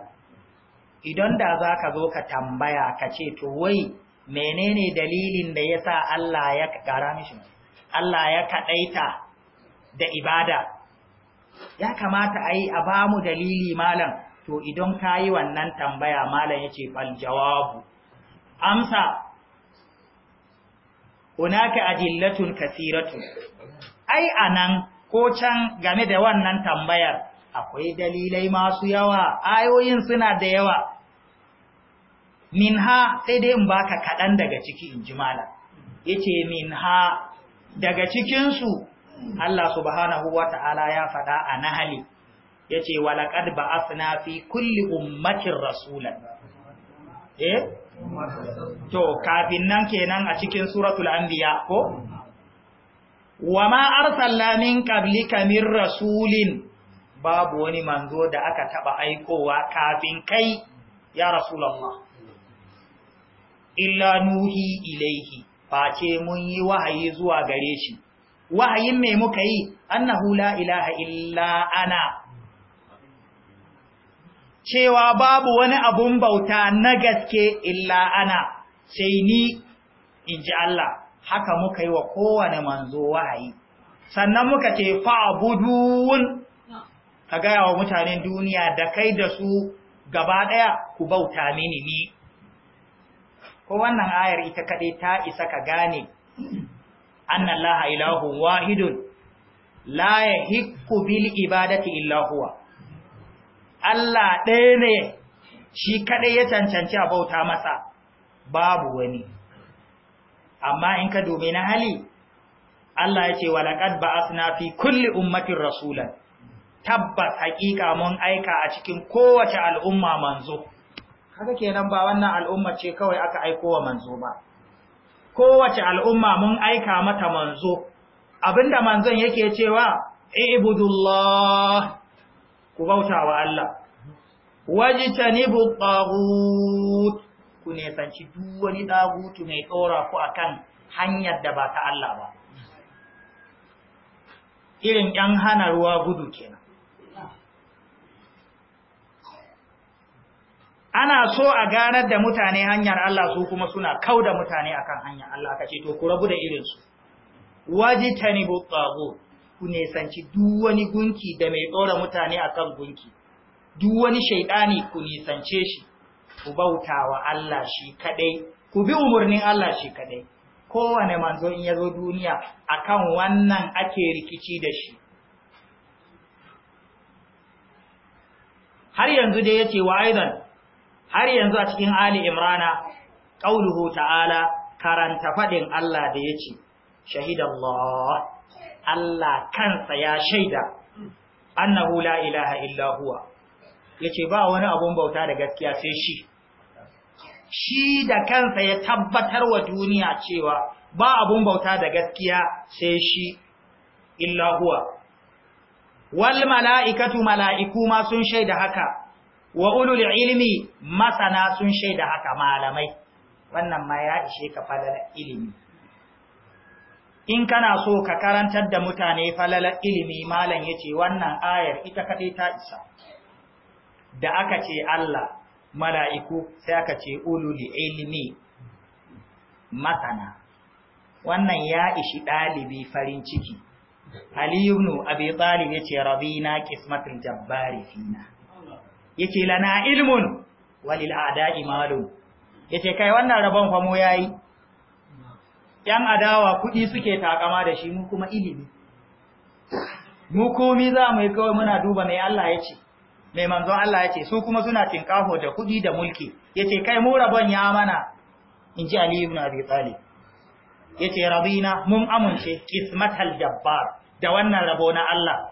idan da zaka zo ka tambaya kace to wai menene dalilin da yasa Allah ya kara mishi Allah ya kadaita da ibada ya kamata ai a bamu dalili malam to idan ka yi wannan tambaya malam ya ce jawabu amsa hunaka adillatun kasiratu ai anan ko can game da wannan tambayar akwai dalilai masu yawa ayoyin suna da yawa minha sai dai in baka kaɗan daga ciki in ji malam yace minha daga cikinsu Allah subhanahu wa ta'ala ya faɗa a nahali yace walaqad ba'athna fi kulli ummatin rasulan eh to kafin nan kenan a cikin suratul anbiya ko ma arsalna min qablika min rasulin babu wani manzo da aka taba aikowa kafin kai ya rasulullah illa nuhi ilaihi face mun yi wahayi zuwa gare shi wahayin me muka yi annahu la ilaha illa ana cewa babu wani abun bauta na gaske illa ana sai ni in ji Allah haka muka yi wa kowane manzo wahayi sannan muka ce fa'budun ka gaya wa mutanen duniya da kai da su gaba ɗaya ku bauta mini ni ko wannan ayar ita kaɗai ta isa ka gane annan laha ilahun wahidun la ya bil ibadati illahuwa Allah ɗaya ne shi kaɗai ya cancanci a bauta masa babu wani amma in ka domi na hali Allah ya ce wa laƙad ba a fi kulli ummatin rasulan tabbas haƙiƙa mun aika a cikin kowace al'umma manzo haka kenan ba wannan al'umma ce kawai aka aiko wa manzo ba kowace al'umma mun aika mata manzo abinda manzon yake cewa ibudullah ku bauta wa Allah wajtanibu taghut ku ne sanci duk wani dagutu mai tsora ku akan hanyar da ba ta Allah ba irin yan hana ruwa gudu kenan ana so a ganar da mutane hanyar Allah su kuma suna kau da mutane akan hanyar Allah kace to ku rabu da irin su wajtanibu taghut ku nisanci duk wani gunki da mai tsora mutane akan gunki duk wani shaidani ku nisance shi ku bauta wa Allah shi kaɗai, ku bi umurnin Allah shi kaɗai, kowane manzo in zo duniya akan wannan ake rikici da shi har yanzu dai yace wa aidan har yanzu a cikin ali imrana qauluhu ta'ala karanta faɗin Allah da yace shahidallahu Allah kansa ya shaida annahu la ilaha illa huwa yace ba wani abun bauta da gaskiya sai shi shi da kansa ya tabbatar wa duniya cewa ba abun bauta da gaskiya sai shi illa huwa wal mala'ikatu mala'iku ma sun shaida haka wa ulul ilmi masana sun shaida haka malamai wannan ma ya ishe ka falalar ilimi in kana so ka karantar da mutane falalar ilimi malam yace wannan ayar ita kadai ta isa da aka ce Allah mala'iku sai aka ce ulul ilmi masana wannan ya ishi dalibi farin ciki Ali ibn Abi Talib yace rabina qismatul jabbari fina yace lana ilmun walil a'da'i malum yace kai wannan rabon famo yayi ‘yan adawa kuɗi suke takama da shi mu kuma ilimi. Mu komi za mu yi kawai muna duba mai Allah ya ce, mai manzon Allah ya ce, su kuma suna tinkaho da kuɗi da mulki, ya ce, kai mu rabon ya mana, in ji Ali ibn Abi Talib. Ya ce, rabina mun amince, kismatal jabbar, da wannan rabo na Allah.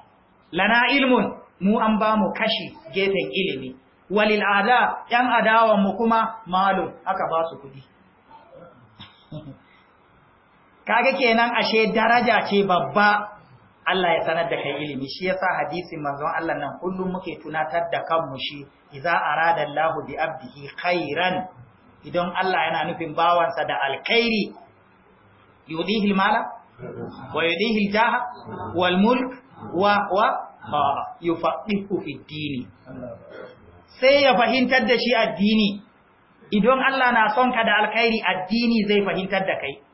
Lana ilmun, mu an ba mu kashi gefen ilimi, walil ada ‘yan mu kuma malum aka ba su kuɗi. kaga kenan ashe daraja ce babba Allah ya sanar da kai ilimi shi yasa hadisin manzon Allah nan kullum muke tunatar da kanmu shi idza arada Allahu bi abdihi khairan idan Allah yana nufin bawansa da alkhairi yudihi almala wa yudihi aljaha wal mulk wa wa yufaqihu fi dini sai ya fahimtar da shi addini idan Allah na son ka da alkhairi addini zai fahimtar da kai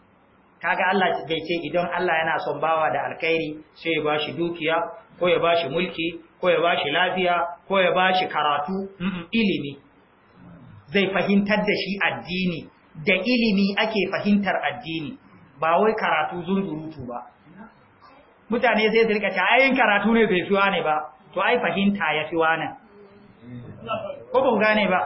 kaga Allah bai ce idan Allah yana son bawa da alkhairi sai ya bashi dukiya ko ya bashi mulki ko ya bashi lafiya ko ya bashi karatu ilimi zai fahimtar da shi addini da ilimi ake fahimtar addini ba wai karatu zunzurutu ba mutane sai su rika cewa ayin karatu ne bai suwa ne ba to ai fahimta ya fi wani ko ba gane ba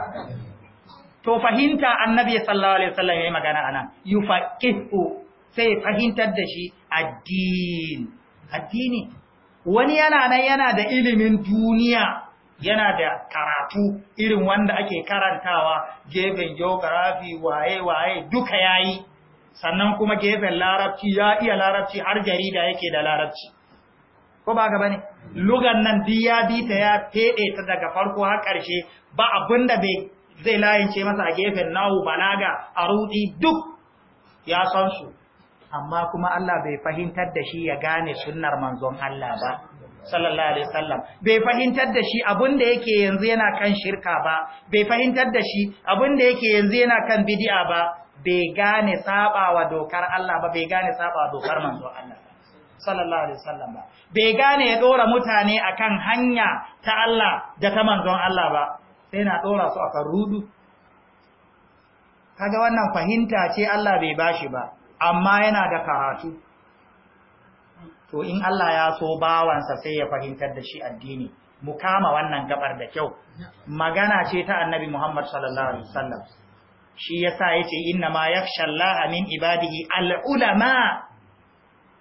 to fahimta annabi sallallahu alaihi wasallam yayi magana anan yufaqihu sai fahimtar da shi addini addini wani yana nan yana da ilimin duniya yana da karatu irin wanda ake karantawa gefen geography waye waye duka yayi sannan kuma gefen larabci ya iya larabci har jarida yake da larabci ko ba gaba ne lugan nan duk ya bi ta ya fede ta daga farko har karshe ba abinda bai zai layince masa a gefen nahu balaga a rudi duk ya san su amma kuma Allah bai fahimtar da shi ya gane sunnar manzon Allah ba sallallahu alaihi wasallam bai fahimtar da shi abin da yake yanzu yana kan shirka ba bai fahimtar da shi abin da yake yanzu yana kan bid'a ba bai gane sabawa dokar Allah ba bai gane sabawa dokar manzon Allah sallallahu alaihi wasallam ba bai gane ya dora mutane akan hanya ta Allah da ta manzon Allah ba sai na dora su akan rudu kaga wannan fahimta ce Allah bai bashi ba amma yana da karatu to in Allah ya so bawansa sai ya fahimtar da shi addini mu kama wannan gabar da kyau magana ce ta annabi Muhammad sallallahu alaihi wasallam shi yasa yace inna ma yakhsha Allah min ibadihi al-ulama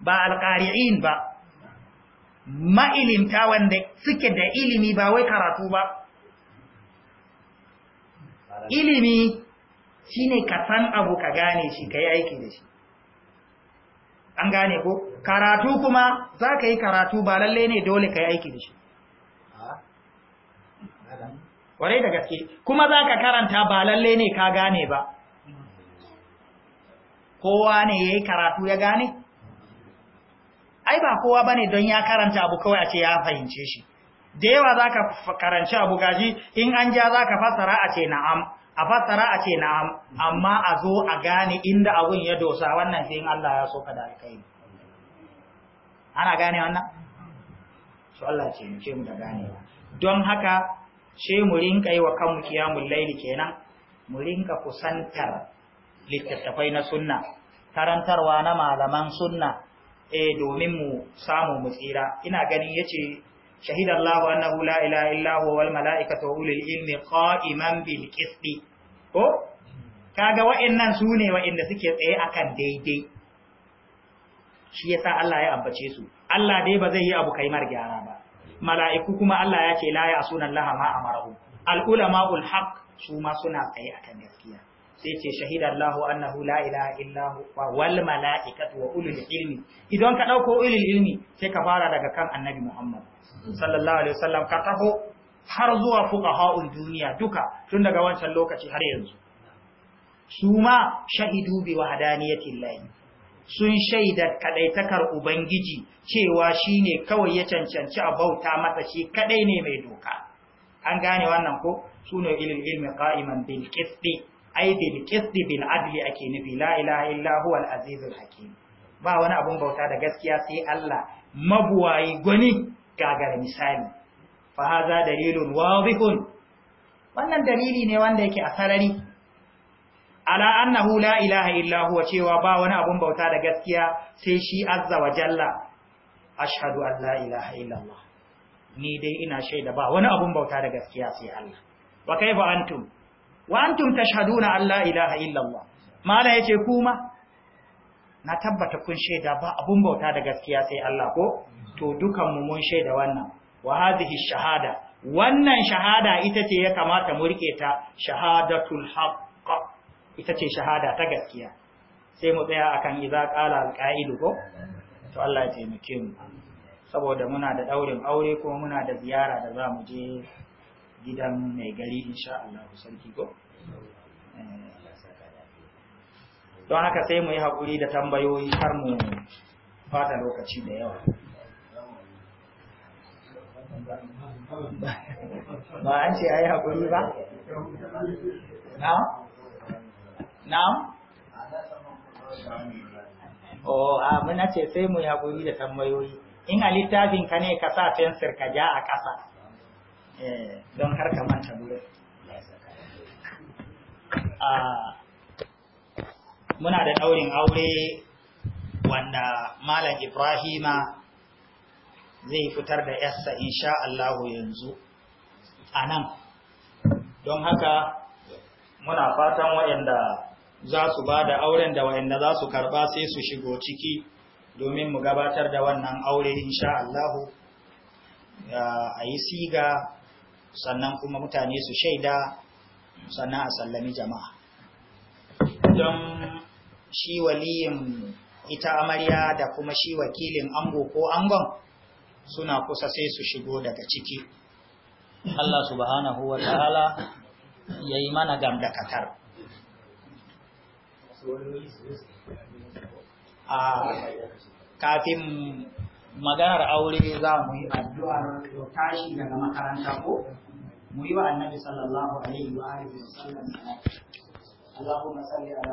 ba al-qari'in ba ma'ilimta wanda suke da ilimi ba wai karatu ba ilimi shine ka san abu ka gane shi kai aiki da shi an gane ko karatu kuma za ka yi karatu ba lalle ne dole ka yi aiki da shi warai da gaske kuma za ka karanta ba lalle ne ka gane ba kowa ne ya yi karatu ya gane ai ba kowa ba ne don ya karanta abu kawai a ce ya fahimce shi da yawa za ka karanci abu gaji in an ja za ka fasara a ce na'am a fassara a ce na'am amma a zo a gane inda abun ya dosa wannan sai in Allah ya so ka da alkai ana gane wannan to Allah ce ce mu da ganewa don haka ce mu rinka yi wa kanmu kiyamul laili kenan mu rinka kusantar littattafai na sunna karantarwa na malaman sunna eh domin mu samu mu tsira ina ganin yace shahidallahu annahu la ilaha illa huwa wal malaikatu wa ulul ilmi qa'iman bil qisti ko kaga wa'annan su ne wa'anda suke tsaye akan daidai shi yasa Allah ya ambace su Allah dai ba zai yi abu kaimar gyara ba mala'iku kuma Allah ya ce la ya sunan laha ma amarahu al ulama ul haq su ma suna tsaye akan gaskiya sai ce shahida Allah annahu la ilaha illa wa wal mala'ikatu wa ulul ilmi idan ka dauko ulul ilmi sai ka fara daga kan annabi Muhammad sallallahu alaihi wasallam ka taho har zuwa fuqaha'ul duniya duka tun daga wancan lokaci har yanzu su ma shahidu bi wahdaniyatil layi sun shaida kadaitakar ubangiji cewa shi ne kawai ya cancanci a bauta masa shi kadai ne mai doka an gane wannan ko sunu ilil ilmi qa'iman bil qisti ai bil qisti bil adli ake nufi la ilaha illa azizul ba wani abun bauta da gaskiya sai Allah mabuwayi gwani garin misali fa haza dalilun wadihun wannan dalili ne wanda yake a sarari ala annahu la ilaha illa huwa cewa ba wani abun bauta da gaskiya sai shi azza wa jalla ashhadu an la ilaha illa allah ni dai ina shaida ba wani abun bauta da gaskiya sai Allah wa kaifa antum wa antum tashhaduna an la ilaha illa Allah mala yace kuma na tabbata kun shaida ba abun bauta da gaskiya sai Allah ko to dukan mu mun shaida wannan wa hadhihi shahada wannan shahada ita ce ya kamata mu rike ta shahadatul haqq ita ce shahada ta gaskiya sai mu tsaya akan idza qala alqa'ilu ko to Allah ya taimake mu saboda muna da daurin aure kuma muna da ziyara da za mu je gidan mai gari insha Allah sarki ko eh. don haka sai mu yi haƙuri da tambayoyi har mu fata lokaci da yawa ba an ce ai haƙuri ba na? Na? o oh, a ah, muna ce sai mu yi haƙuri da tambayoyi in a littafin ka ne ka sa fensir ka ja a ƙasa eh, don har ka manta wurin ah, muna da ɗaurin aure wanda malam ibrahima zai fitar da yarsa insha Allahu yanzu anan. don haka muna fatan wayanda za su ba da auren da wayanda za su karɓa sai su shigo ciki domin mu gabatar da wannan aure insha Allahu a yi siga sannan kuma mutane su shaida sannan a sallami jama'a don shi waliyin ita amarya da kuma shi wakilin ango ko angon suna kusa sai su shigo daga ciki Allah subhanahu wa ta'ala ya yi mana gamdakatar a kafin maganar aure za mu yi addu'ar tashi daga makaranta ko mu yi wa annabi sallallahu alaihi wa alihi wa sallam Allahumma salli ala